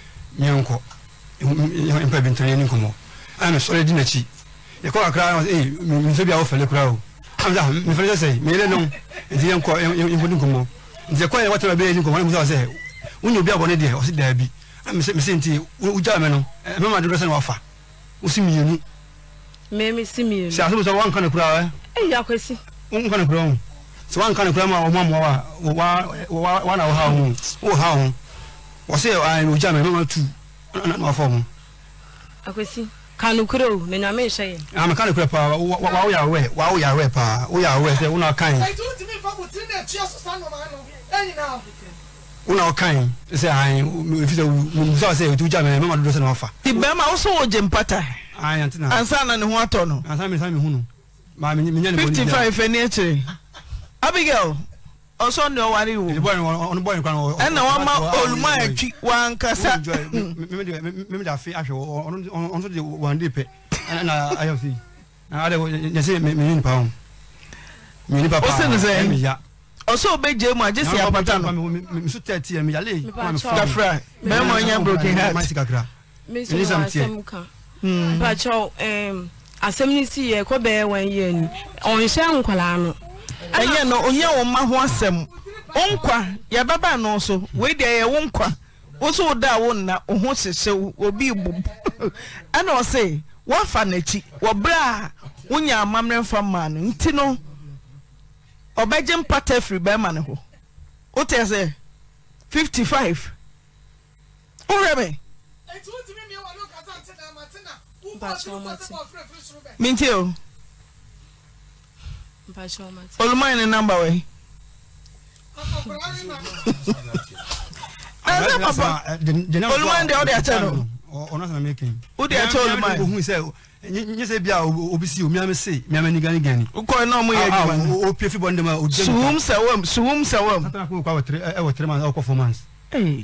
yɛnkɔ mpa bi ntɛn yɛni nkɔmɔ ɛna sɔrɔ di n'akyi yɛkɔ kakra ɛna ee nfɛ bi a wɔfɛlɛ kura o ɛna mfɛlɛ sɛ sɛyi mɛ yɛlɛ nom nti yɛnkɔ yɛnkɔ di nkɔmɔ nti yɛkɔ yɛ wɔtɔ bɛ yɛni nkɔmɔ ɛna musa sɛ wunye obi abɔ ne deɛ ɔsi daa bi ɛna mɛ se nti wugya mɛ no mɛma dodo sɛ wafa wosi mienu. mɛmi si mienu. sɛ asobi sɛ wanka kura wɛ. ɛyi akwesi. wanka kura wɔn sɛ ne kura mu a wɔn amu wa wa wa na wɔsɛ ɛn ogya me mama tu na ɔfɔ mu akwasi kanukure o mɛ nyame nhyɛ yɛ. a mɛ kanukure paa wa wa wa yà wɛ wa o yà wɛ sɛ o na kan yi. ɛyi tí o na etuya sosa nɔnɔ ano ɛnyina. o na kan yi sɛ ayi efi sɛ ma dodo sɛ na ɔfa. ìbẹ́ẹ̀ma mpata. ayi na. ansa na ne ho atɔ no. ansa mi san mi hun no. maa mi nya ne bɔ fifty five ɛni ɛkyɛ. abigail ọsọ ni ọwa ni wo ẹna wọn ma olumọ ẹtwi wọn kasa. mímí dà fi ahwẹ ọ̀n tó di wọn dé pẹ ẹna ayọ fi adé yẹsẹ mi ní nípa wọn mi ní nípa paa ẹ mi ya ọsọ ọbẹ jẹ mu àjẹ sí apata nù. misu tẹ ti ẹ mi yálé yìí. gafra mẹ́mọ̀ ń yẹ broken heart. misu ma asẹ́mu kan. bàtchọ́ asẹ́mu ni si yẹ kọ́ bẹ́ẹ̀ wọ́n yẹ ni ọ̀nhyẹ́ nkwalaa nù. enye no onye wo mma ho asɛm wo nkwa yɛbɛbaa no so wei deɛ yɛ wo nkwa wo so wo da wo nna wo ho hyehyɛ wo obi bom ɛna ɔse woafa n'akyi wɔberɛ a wonya amammerɛ mfa mmaa no nti no ɔbɛgye mpata afiri bɛrima ne ho wote sɛ 55 wohwɛ me mentio olùmọ̀yìn ni nọ́mbà wẹ̀. ẹsẹ papa olùmọ̀yìn de ọdẹ ẹtẹ no. ọ̀nà sàn mi kẹ́yìn. ó de ẹtẹ olùmọ̀yìn. ohun sẹ nye sẹ bia obi si omi ame se mi ame ni gani gani. ukọ ẹ náà mo yẹ ẹdun ma. o pie fi bọ ndé ma o jẹ nta. suhum sẹwọm suhum sẹwọm. sátán kò kó ẹwọ tẹrẹ ma ọkọ fọmánsì.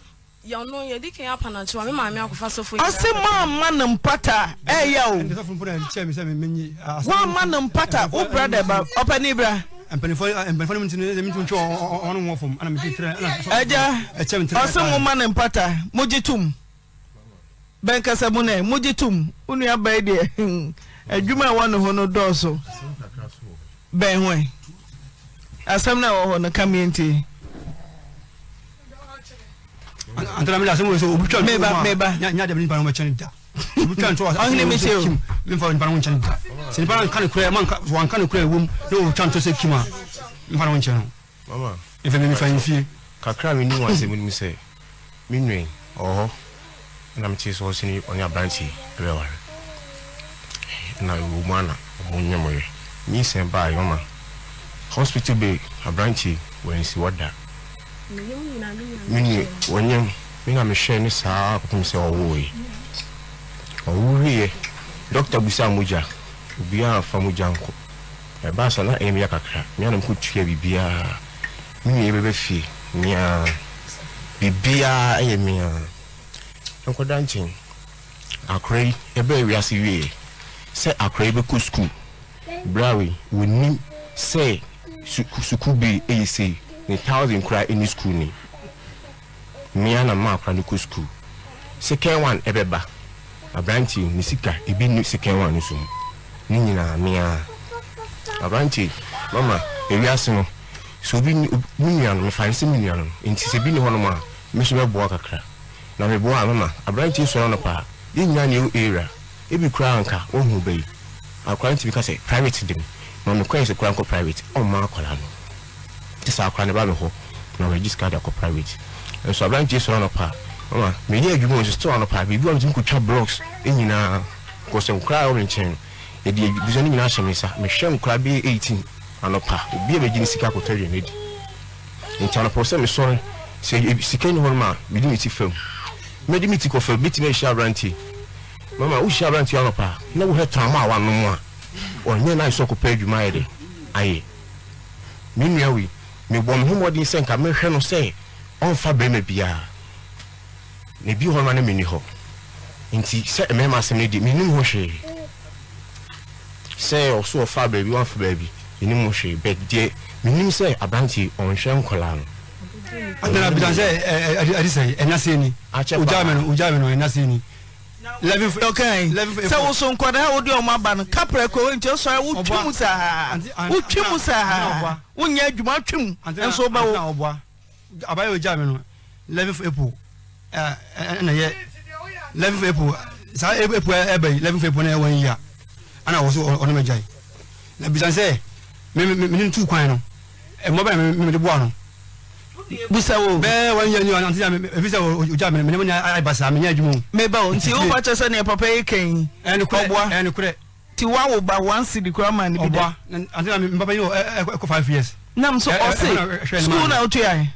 yanu yɛdi kɛnyɛ apanakyi wa mi maa mi akɔfa sɔfo yi. ɔsi maa ma ne mpata ɛ eh, yɛ o. ɛn sɔfo mpura yɛn kyɛn mi sɛ mi mi nyi. wa ah, ma ne mpata o bra dɛ ba ɔpɛ ni bra. mpanyinfo ah, mpanyinfo mi ti ne mi ti twɛ ɔn wɔn fɔm ɛna mi ti tirɛ. ɛja ɔsi mu ma ne mpata mo ji tum bɛnkasa mu nɛ mo tum unu ya bɛɛ e deɛ hmm, adwuma a wɔn ne ho no dɔɔso bɛn hwɛ asɛm na ɛwɔ hɔ no kamiyɛnti antara mi la sɛ mo sɛ obi twa meba meba nya dɛm nipa no mɛkyɛne da obi twa ntɔ ɔhene o sɛ memfa nipa no nkyɛne da sɛ nipa no nka ne korɛ wanka ne korɛ wɔm na ɔtwa ntɔ sɛ kim a memfa no nkyɛ no mfa me mefa mfie kakra me ni wɔ asɛm nim sɛ me nwɛn ɔwɔ hɔ na mekyee sɛ ɔsene ɔne aberante ɛbɛware na ɛwɔ mu ana ɔmo nyɛ mɔyɛ me sɛn baa yɛ ɔma hospital bay aberante wɔansi wɔda menyim wɔnyam me na mehwɛ ne saa kum sɛ ɔwoe ɔworeɛ dɔkta busa mogya obiaa fa mogya nkɔ ɛbaa sɛ na ɛyɛ meyɛ kakra meanam kɔtua biribiaa mewie bɛbɛ fie mea biribiaa ɛyɛ mea nkɔda nkyɛn akora yi ɛbɛɛ wiase wieɛ sɛ akora yi bɛkɔ sukuu brawe wɔnim sɛ sukuu bi ɛyɛ sei Ni thousand koraa ɛni school ni mmea na mmaa koraa no kɔ school second one ɛbɛba aberanteɛ ne sika ebi nu second one no so mu ne nyinaa mmea aberanteɛ mama ewiase no sɛ obi mu nua no mefa ne sɛ nua no nti sɛ bi ne hɔnom a me so mɛboa kakra na meboa a mama aberanteɛ sɔre no paa yɛn nyinaa ne ɛwɔ area ebi koraa nka wɔn ho bɛyi akwaraa ntumi ka sɛ private dem ma me kwan sɛ koraa nkɔ private ɔmma akwaraa no te saa akora ah, ne ba bɛhɔ na ɔbɛgye sika de akɔ private nso eh, aberanteɛ sɔrɔ no pa ɔma meyɛ adwuma nso sɔrɔ no pa biribi a metumi kɔtwa blocks e nyinaa kɔsɛ nkora a ɔme nkyɛn yɛde abusua no nyinaa hyɛ me nsa mehwɛ nkora bɛyɛ 18 anɔpa obi a bɛgye ne sika akɔtɔ aduane adi nti anɔpa sɛ mesɔre sɛ sika ni hɔ no ma mede me ti fam mede me ti kɔ fam bɛtumi ahyia aberanteɛ mama wohyia aberanteɛ anɔpa na wohɛ tɔama a wanom a ɔnyɛ no ayɛ sɛ adwuma ayɛ de ayɛ me nua wei mebɔ me ho mmɔden sɛ nka mehwɛ no sɛ ɔmfa barima biara na bi hɔ ma no menni hɔ nti sɛ mmarima asɛm no deɛ mennim ho hwee sɛ ɔso ɔfa baabi wamfa baabi mennim ho hwee but deɛ menim sɛ aberanteɛ ɔnhwɛ nkɔlaa no abdulabidan sɛ ɛde sɛ ɛnasɛni ogya me no ogya me no ɛnasɛni sɛ woso nkɔdaa wode ɔmo aba no kaprɛ kɔ nti sɔre wotwi mu saa wotwi mu saa wonyɛ adwuma twi mu nso wobɛwo abayɛ ogya me no eleven for april ɛna yɛ eleven for april saa april ɛbɛ yi eleven for april na ɛwɔ yi a ɛna wɔ so ɔno mɛ gya yi na bisansɛ mi mi mi ni tu kwan no ɛmɔ bɛyɛ mi mi de bɔ ano bisa wo. bɛɛ wani yɛrɛ ni wani ti yan bisa wo o ja minɛ minɛ minɛ ayi basa minɛ jumu. mɛ bawo nti o ba cɛ sɛ nin ye papa ye kɛɲi. ɛɛ nin kurɛ ɛɛ nin kurɛ. ti wa wo ba wa n siri kura ma nin bi dɛ. ɔbɔ an ti na n papa yi o ɛɛ ɛɛ ko five years. naam so ɔsi sukuu na o to yan.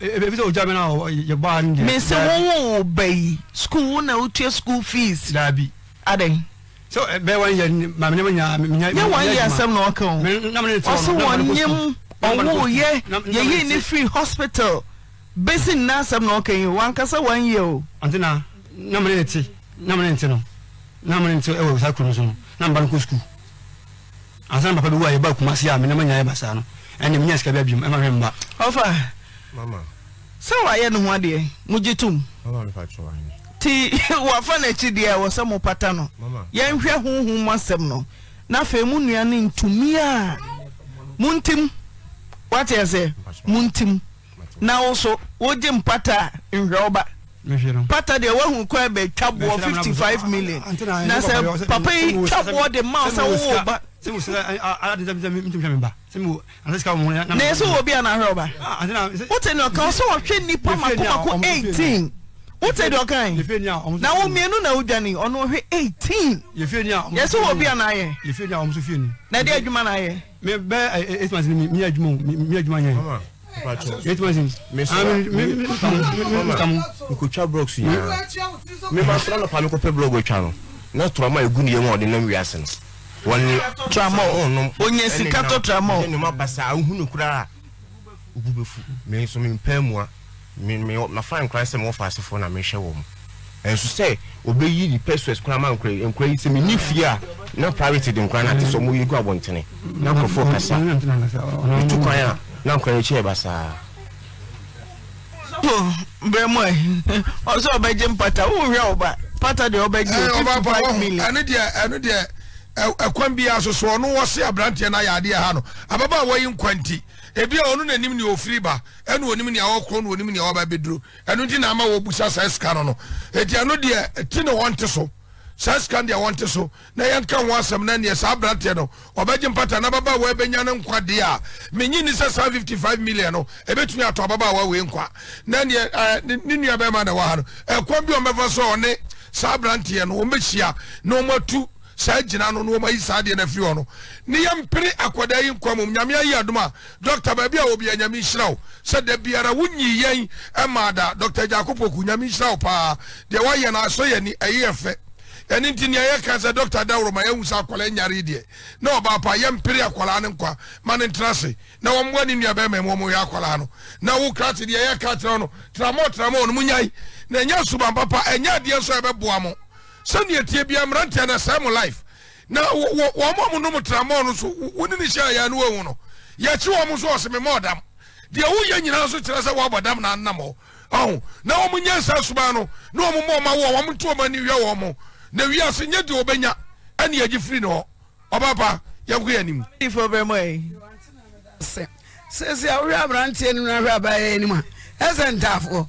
ebi sɛ o ja minɛ o yɛ ba ni jɛ. mɛ se wo wo bɛyi sukuu na o to ye school fees. daabi. adɛ so bɛɛ wani yɛrɛ ni maa mi ne ma ɲa mi ɲa. ne wa ye asɛm na ɔkan o. ɔsi wɔn nyɛ mu ɔwo yɛ yɛyi ni free hospital bɛsi nna asɛm na ɔkɛyi wankasa wan yɛ o. ante na na na mo ne ne te no na mo ne ne te ɛwɔ saa kuro no so no na mo ba no kɔ sukuu ansa na papa bi wu a yɛ ba kuma si a mi na ma nya yɛ ba saa no ɛna mi nya sika bi abiem ɛma hwɛ mba. ɔfa sɛ wayɛ ne ho adeɛ mo gye tom ti wafa n'akyi deɛ ɛwɔ sɛ mo pata no yɛnhwɛ honhom asɛm no na afei mu nua no ntumi a montim wate ase muntim na woso wogye mpata nhwɛ ɔba pata deɛ wahu kɔ ɛbɛ twaboɔ fifty five million na sɛ papa yi twaboɔ de ma ɔsɛ wowɔ ba na ɛsɛ wɔ bi anahwɛ ɔba wote deɛ ɔka ɔsɛ wɔhwɛ nnipa makomako eighteen wote deɛ ɔkan na wo mmienu na wodwane ɔno ɔhwɛ eighteen yɛsɛ wɔ bi anayɛ na ɛde adwuma na ayɛ mi bɛ eight months mi mi yɛ juma mi yɛ juma yɛ eight months mi kamu nko twa blocks yi mi ma sɔrɔ nɔfɛ mi kɔ pɛ blog twa no na turama egu ni yɛ mu ɔdi nam wiase no wɔni turama ɔnom onye sika tɔ turama ɔ ɛni ma basa ahunu kura ubu bɛ fu mi nso mi pɛ mua mi mi ma fa nkura sɛ mi wɔ fa asefo na mi hyɛ wɔn ɛnso sɛ obeyi di pɛ sɔs kura ma nkura yi nkura yi sɛ mi ni fie a. na private dị nkwa na te mu yi na nkurɔfoɔ kasa etu kwan a na nkwan ekyi ɛbasa. bẹẹ ẹ ọsọ ọbẹ jẹ mpata o hwẹ ọba pata de ọbẹ jẹ eh, fifty five million. ẹni deɛ bi aberanteɛ ababaawa yi nkwanti ebi a ba onim na na ama busa no no eti saa sika deɛ wɔnte so na yɛnka ho asɛm na neɛ saa aberanteɛ no ɔbɛgye mpata na ababaawa bɛnya no nkwadeɛ a menyi ni sɛ saa million no ɛbɛtumi atɔ ababaawa wei nkwa na neɛ eh, ne nua bɛma na wɔ ha no ɛkwan bi ɔmɛfa sɛ ɔne saa aberanteɛ no ɔmbɛhyia na ɔmatu saa gyina no na wɔmayi saa deɛ no afiri hɔ no ne yɛmpere akwadaa yi nkwa mom nyame ayi adom a dɔkta baabi a wɔbia nyame nhyira wo sɛ da biara wonyi yɛn ɛmaa da dɔkta gyakopoku nyame nhyira wo paa deɛ woayɛ no asɔ yɛ ni fɛ ɛne nti nea yɛka sɛ dɔkta daworo ma yɛhu sɛ akwala nyare deɛ na ɔbaa pa yɛmpere akwalaa no nkwa ma no ntena se na wɔmmoa ne nuabɛma mu ɔmyɛ akwalaa no na wo krate deɛ yɛka kyerɛ no tramɔ tramɔ no nyae na ɛnyɛ suban papa ɛnyɛ adeɛ nso a ɛbɛboa mo sɛnea tie bia mmeranteɛ na sɛe mo life na wɔn mo nom tramɔ no so wone ne ne hyɛ ayɛ no wahu no yɛkyi wɔn nso ɔsɛ mema ɔdam deɛ woyɛ nyinaa so kyerɛ sɛ woabɔ dam na annam hɔ ɔho na wɔmo nyɛ nsa suban no na wɔn mmɔ ɔma wɔ wɔn to ɔma ni wia wɔn na wiase nyɛ deɛ wɔbɛnya ɛne yɛgye firi ne hɔ ɔbaba yɛnkɔ yɛ anim sɛsi a wohwɛ aberanteɛ no nahwɛ abayɛ anim a ɛsɛ ntaafoɔ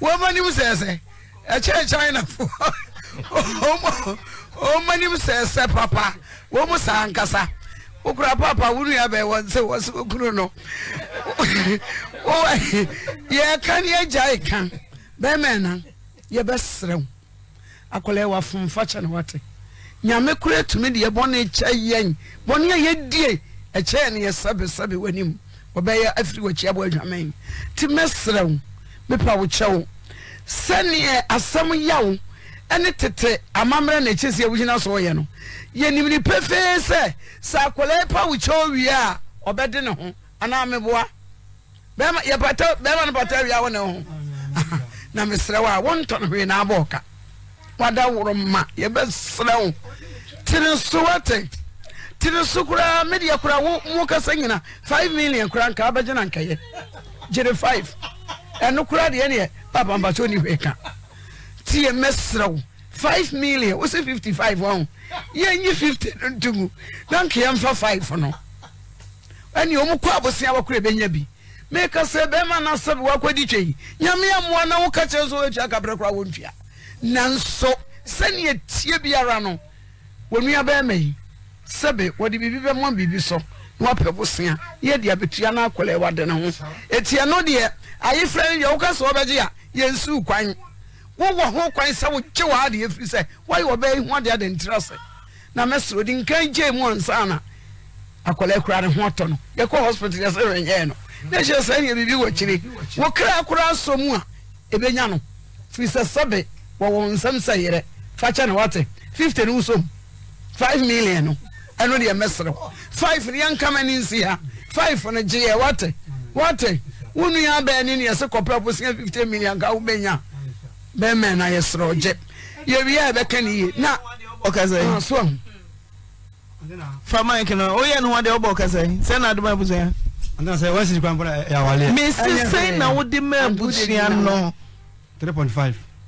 wɔma nim sɛɛsɛ ɛkyɛɛ chinafoɔ ɔma nim sɛɛsɛ papa wɔ mu saa nkasa wokura papa wo nua bɛwɔ sɛ wɔ sɛ wokunu no yɛka ne yɛgyae ka bɛmɛ na yɛbɛserɛ wo akwadaa wafomfa kyɛ ne wate nyame kura tumi deɛ bɔne kyɛ yɛn bɔne a yɛdie ɛkyɛ ne yɛ sɛbesɛbe w'anim wɔbɛyɛ afri w'akyi abɔ adwaman nti mɛsrɛ wo mepa wo kyɛ wo sɛneɛ asɛm ya wo ene tete amammerɛ na ɛkyɛ sɛ wogyina so wɔyɛ no yɛnim ne pefee sɛ sɛ akwadaa pa wo kyɛ wie a ɔbɛde ne ho anaa meboa bɛrima yɛpata bɛrima no pata wie a wo ne ho na mesrɛ wa a wontɔ no na aboka wada woro ma yɛbɛserɛ wo tiri nso wate tiri nso kura media kura wo mo kasa nyina five million kura nka abɛgye na nka ye gyere five ɛno kura deɛ neɛ papa mpakyɛ ɔni hwee ka ti yɛ mɛserɛ wo five million wo wosi fifty five wɔn yɛnyi fifty no ntugu na nka nkɛyɛ mfa five no ɛnni wɔn kɔ abosia wɔkura ebɛnya bi mekasa bɛrima na sɛbi wakɔ di twɛ yi nyame amoa na wo kakyɛ nso wɔatwa kabrɛ koraa wɔntua. nanso sɛnea tie biara no wɔnua bɛrima yi sɛbe wɔde biribi bɛma biribi so na wapɛ bosea yɛ deɛ abɛtua no akɔla ɛwade ne ho ɛtiɛ no deɛ ayefrɛ no deɛ woka sɛ wɔbɛgye a yɛnsiw kwan wowɔ ho kwan sɛ wogye w'adeɛ firi sɛ woayɛ wɔbɛyɛ ho ade ade ntira sɛ na mɛsoro de nkan gyee mu ansa na kura ne ho ɔtɔ no yɛkɔ hospital yɛ sɛ wɛnyɛɛ no na ɛhyɛ sɛ neɛ biribi wɔ akyire wokra koraa sɔ mu a ɛbɛnya no firi sɛ sɛbe wɔwɔ nsɛm sɛ yerɛ fa kyɛ ne fifty ne wusom five million no ɛno deɛ mɛsere five ne yɛnkama ne nsi ha five no gyeɛ wat'e, wat'e. wo nua bɛɛ ni neɛ sɛ kɔpɛ posea fifty million ka wobɛnya bɛmɛ na yɛserɛ gye yɛwie a ɛbɛka ne yie na ɔkasɛso ah, fa mike no woyɛ ne ho adeɛ wobɔ ɔkasɛi sɛ na adoma abusua mesesɛi na wode ma abusua no 3.5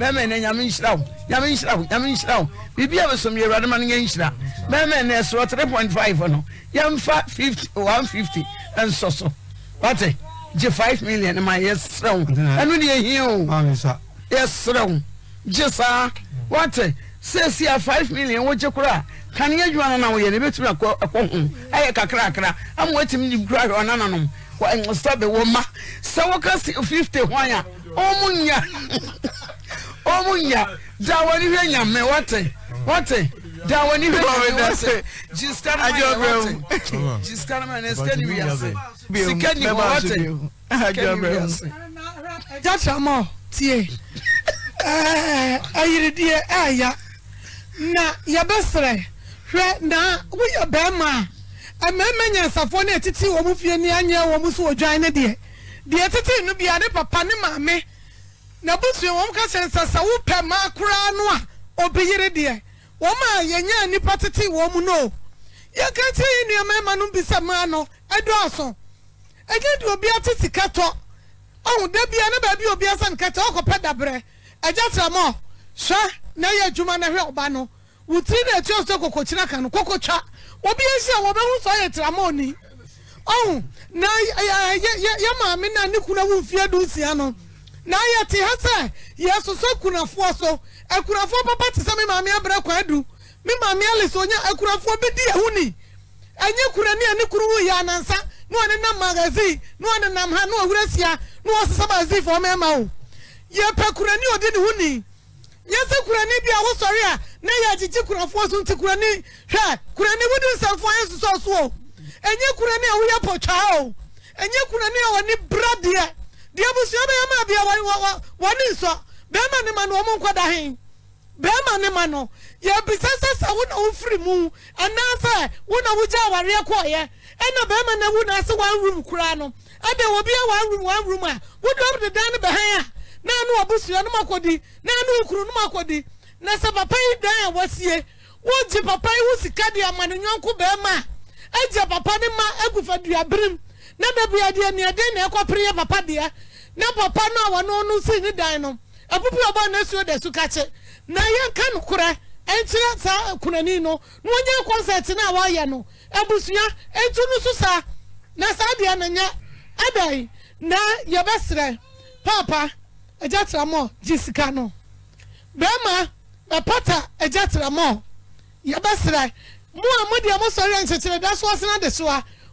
bɛɛma ɛnɛ nyame nhyira wo nyame nhyira wo nyame nhyira wo biribi a bɛsomyɛ awurade ma 3.5 yɛ yam bɛɛma ɛnɛ ɛsorɔ 3.5 so yɛmfa 150 ɛnsɔ so wate gye 5 million ma yɛserɛ wo ɛno ne ɛhia o yɛserɛ wo gye saa wate sɛsi a 5 million wogye koro a kanea adwuma no na woyɛ no ɛbɛtumi akɔ ho ayɛ kakrakra ama woatumi nim kura hwɛ ɔnana nom sɛ bɛwɔ ma sɛ woka 50 hwan a ɔmo nya ɔmu nya da wɔn ni hwɛ nyame wɔte wɔte da wɔn ni hwɛ nyame wɔte jisikana mɛ wɔte jisikana mɛ ne sika ni wi sika ni wɔ wɔte sika ni wi ase. tie ɛɛ eh, ayiridie ɛɛya eh, na yabɛsrɛ hwɛ na woyɛ bɛrima a mmarima nyansafoɔ na etiti wɔn fie ni anyɛ wɔn so wɔ dwan ne deɛ deɛ titi no bia ne papa ne maame na busua wɔn ka sɛ nsasa wopɛ maa koraa no a obiyere deɛ wɔn a yɛnyɛ nipa tete wɔn mu no yɛka ti yi nneɛma ɛma no bi sɛ maa no ɛdɔɔso ɛgye de obi ate sika tɔ ɔhun da bia ne baabi obi asa nkɛtɛ ɔkɔpɛ dabrɛ ɛgye tera mɔ hwɛ na yɛ adwuma na hwɛ ɔba no wotiri na etu ɔsɛ koko kyerɛ ka no koko twa obi ehyia wɔbɛhu sɛ ɔyɛ tera mɔ oni ɔhun na yɛ yɛ yɛ maame na ne kunu awu nfie dunsia no. na yɛte ha sɛ yɛsoso kunafoɔ so akunafoɔ e, papa te sɛ me maame abrɛ kwa adu me maame alice onya e, akunafoɔ bi di ɛho ni ɛnyɛ e, kura ne ɛne kuru yɛ anansa na ɔne nam magazin na ɔne nam ha na ɔwura sia na ɔsesa magazin fɔ mɛma o yɛpɛ kura ne ɔdi ne ho ni yɛsɛ kura ne bi a wosɔre a na yɛagyegye kunafoɔ so nti kura ne hwɛ kura ne wodi nsɛmfoɔ yɛ soso so o ɛnyɛ kura ne a woyɛ pɔtwaa o ɛnyɛ kura ne a ɔne bra deɛ di deɛ abusua bɛyɛ ma bia wɔne nsɔ bɛrima ne ma no wɔn nkɔda hen bɛrima ne ma no yɛbisa sɛ sɛ wo na wofiri mu anaasɛ wo na wogya awareɛ kɔɔyɛ ɛna bɛrima na wo na ase wɔn room koraa no ɛdɛ obi a wɔn room wɔn room a wodɔm deda dan bɛhɛn a naanu abusua no ma kɔdi naanu okuru no ma kɔdi na sɛ papa yi dan a wɔsie wogye papa yi ho sika de ama ne nyɔnko bɛrima a agye papa ni ma agu fa duabirim. na dabi adeɛ ni ɛde na ɛkɔpere yɛ papa deɛ na papa no a wɔn no si ne dan no apupi ɔbɔ ne suo da sukakye na yɛnka no korɛ ɛnkyerɛ saa kunani no na wɔnyɛ kɔnsɛt no a wɔayɛ no abusua etu no so saa na saa deɛ na nyɛ ɛdan na yɛbɛsrɛ papa ɛgya tramɔ gye sika no bɛrima ɛpata ɛgya tramɔ yɛbɛsrɛ mu a mu deɛ mo sɔre nkyɛkyerɛ da so ɔsena de so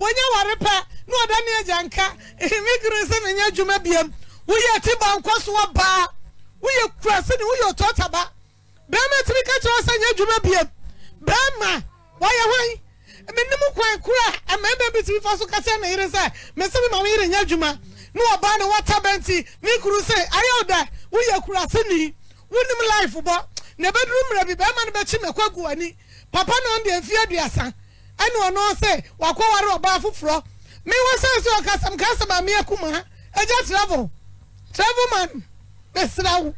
wɔnyɛ ware pɛ na ɔda ne agya nka me kuru sɛ menyɛ adwuma biam woyɛ ti bankɔ so wɔ baa woyɛ kura sene woyɛ ɔtɔtaba bɛrima tumi ka kyerɛ sɛ nyɛ adwuma biam bɛrima wɔyɛ hwan menim kwan kora ɛmɛɛma bi tumi fa so ka kyerɛ ne yere sɛ me me ma wo yere nyɛ adwuma ne ɔbaa ne wɔta bɛ nti me kuru sɛ ayɛ wo dɛ woyɛ kura sene wonim life bɔ na ɛbɛduru mmerɛ bi bɛrima no bɛkyi mɛkɔ agu w'ani papa na ɔndeɛ mfie aduasa ɛna ɔno sɛ wakɔware ɔbaa foforɔ mewɔ sɛ so ɔkasam kasam a meakuma agya travel travel man mesra wo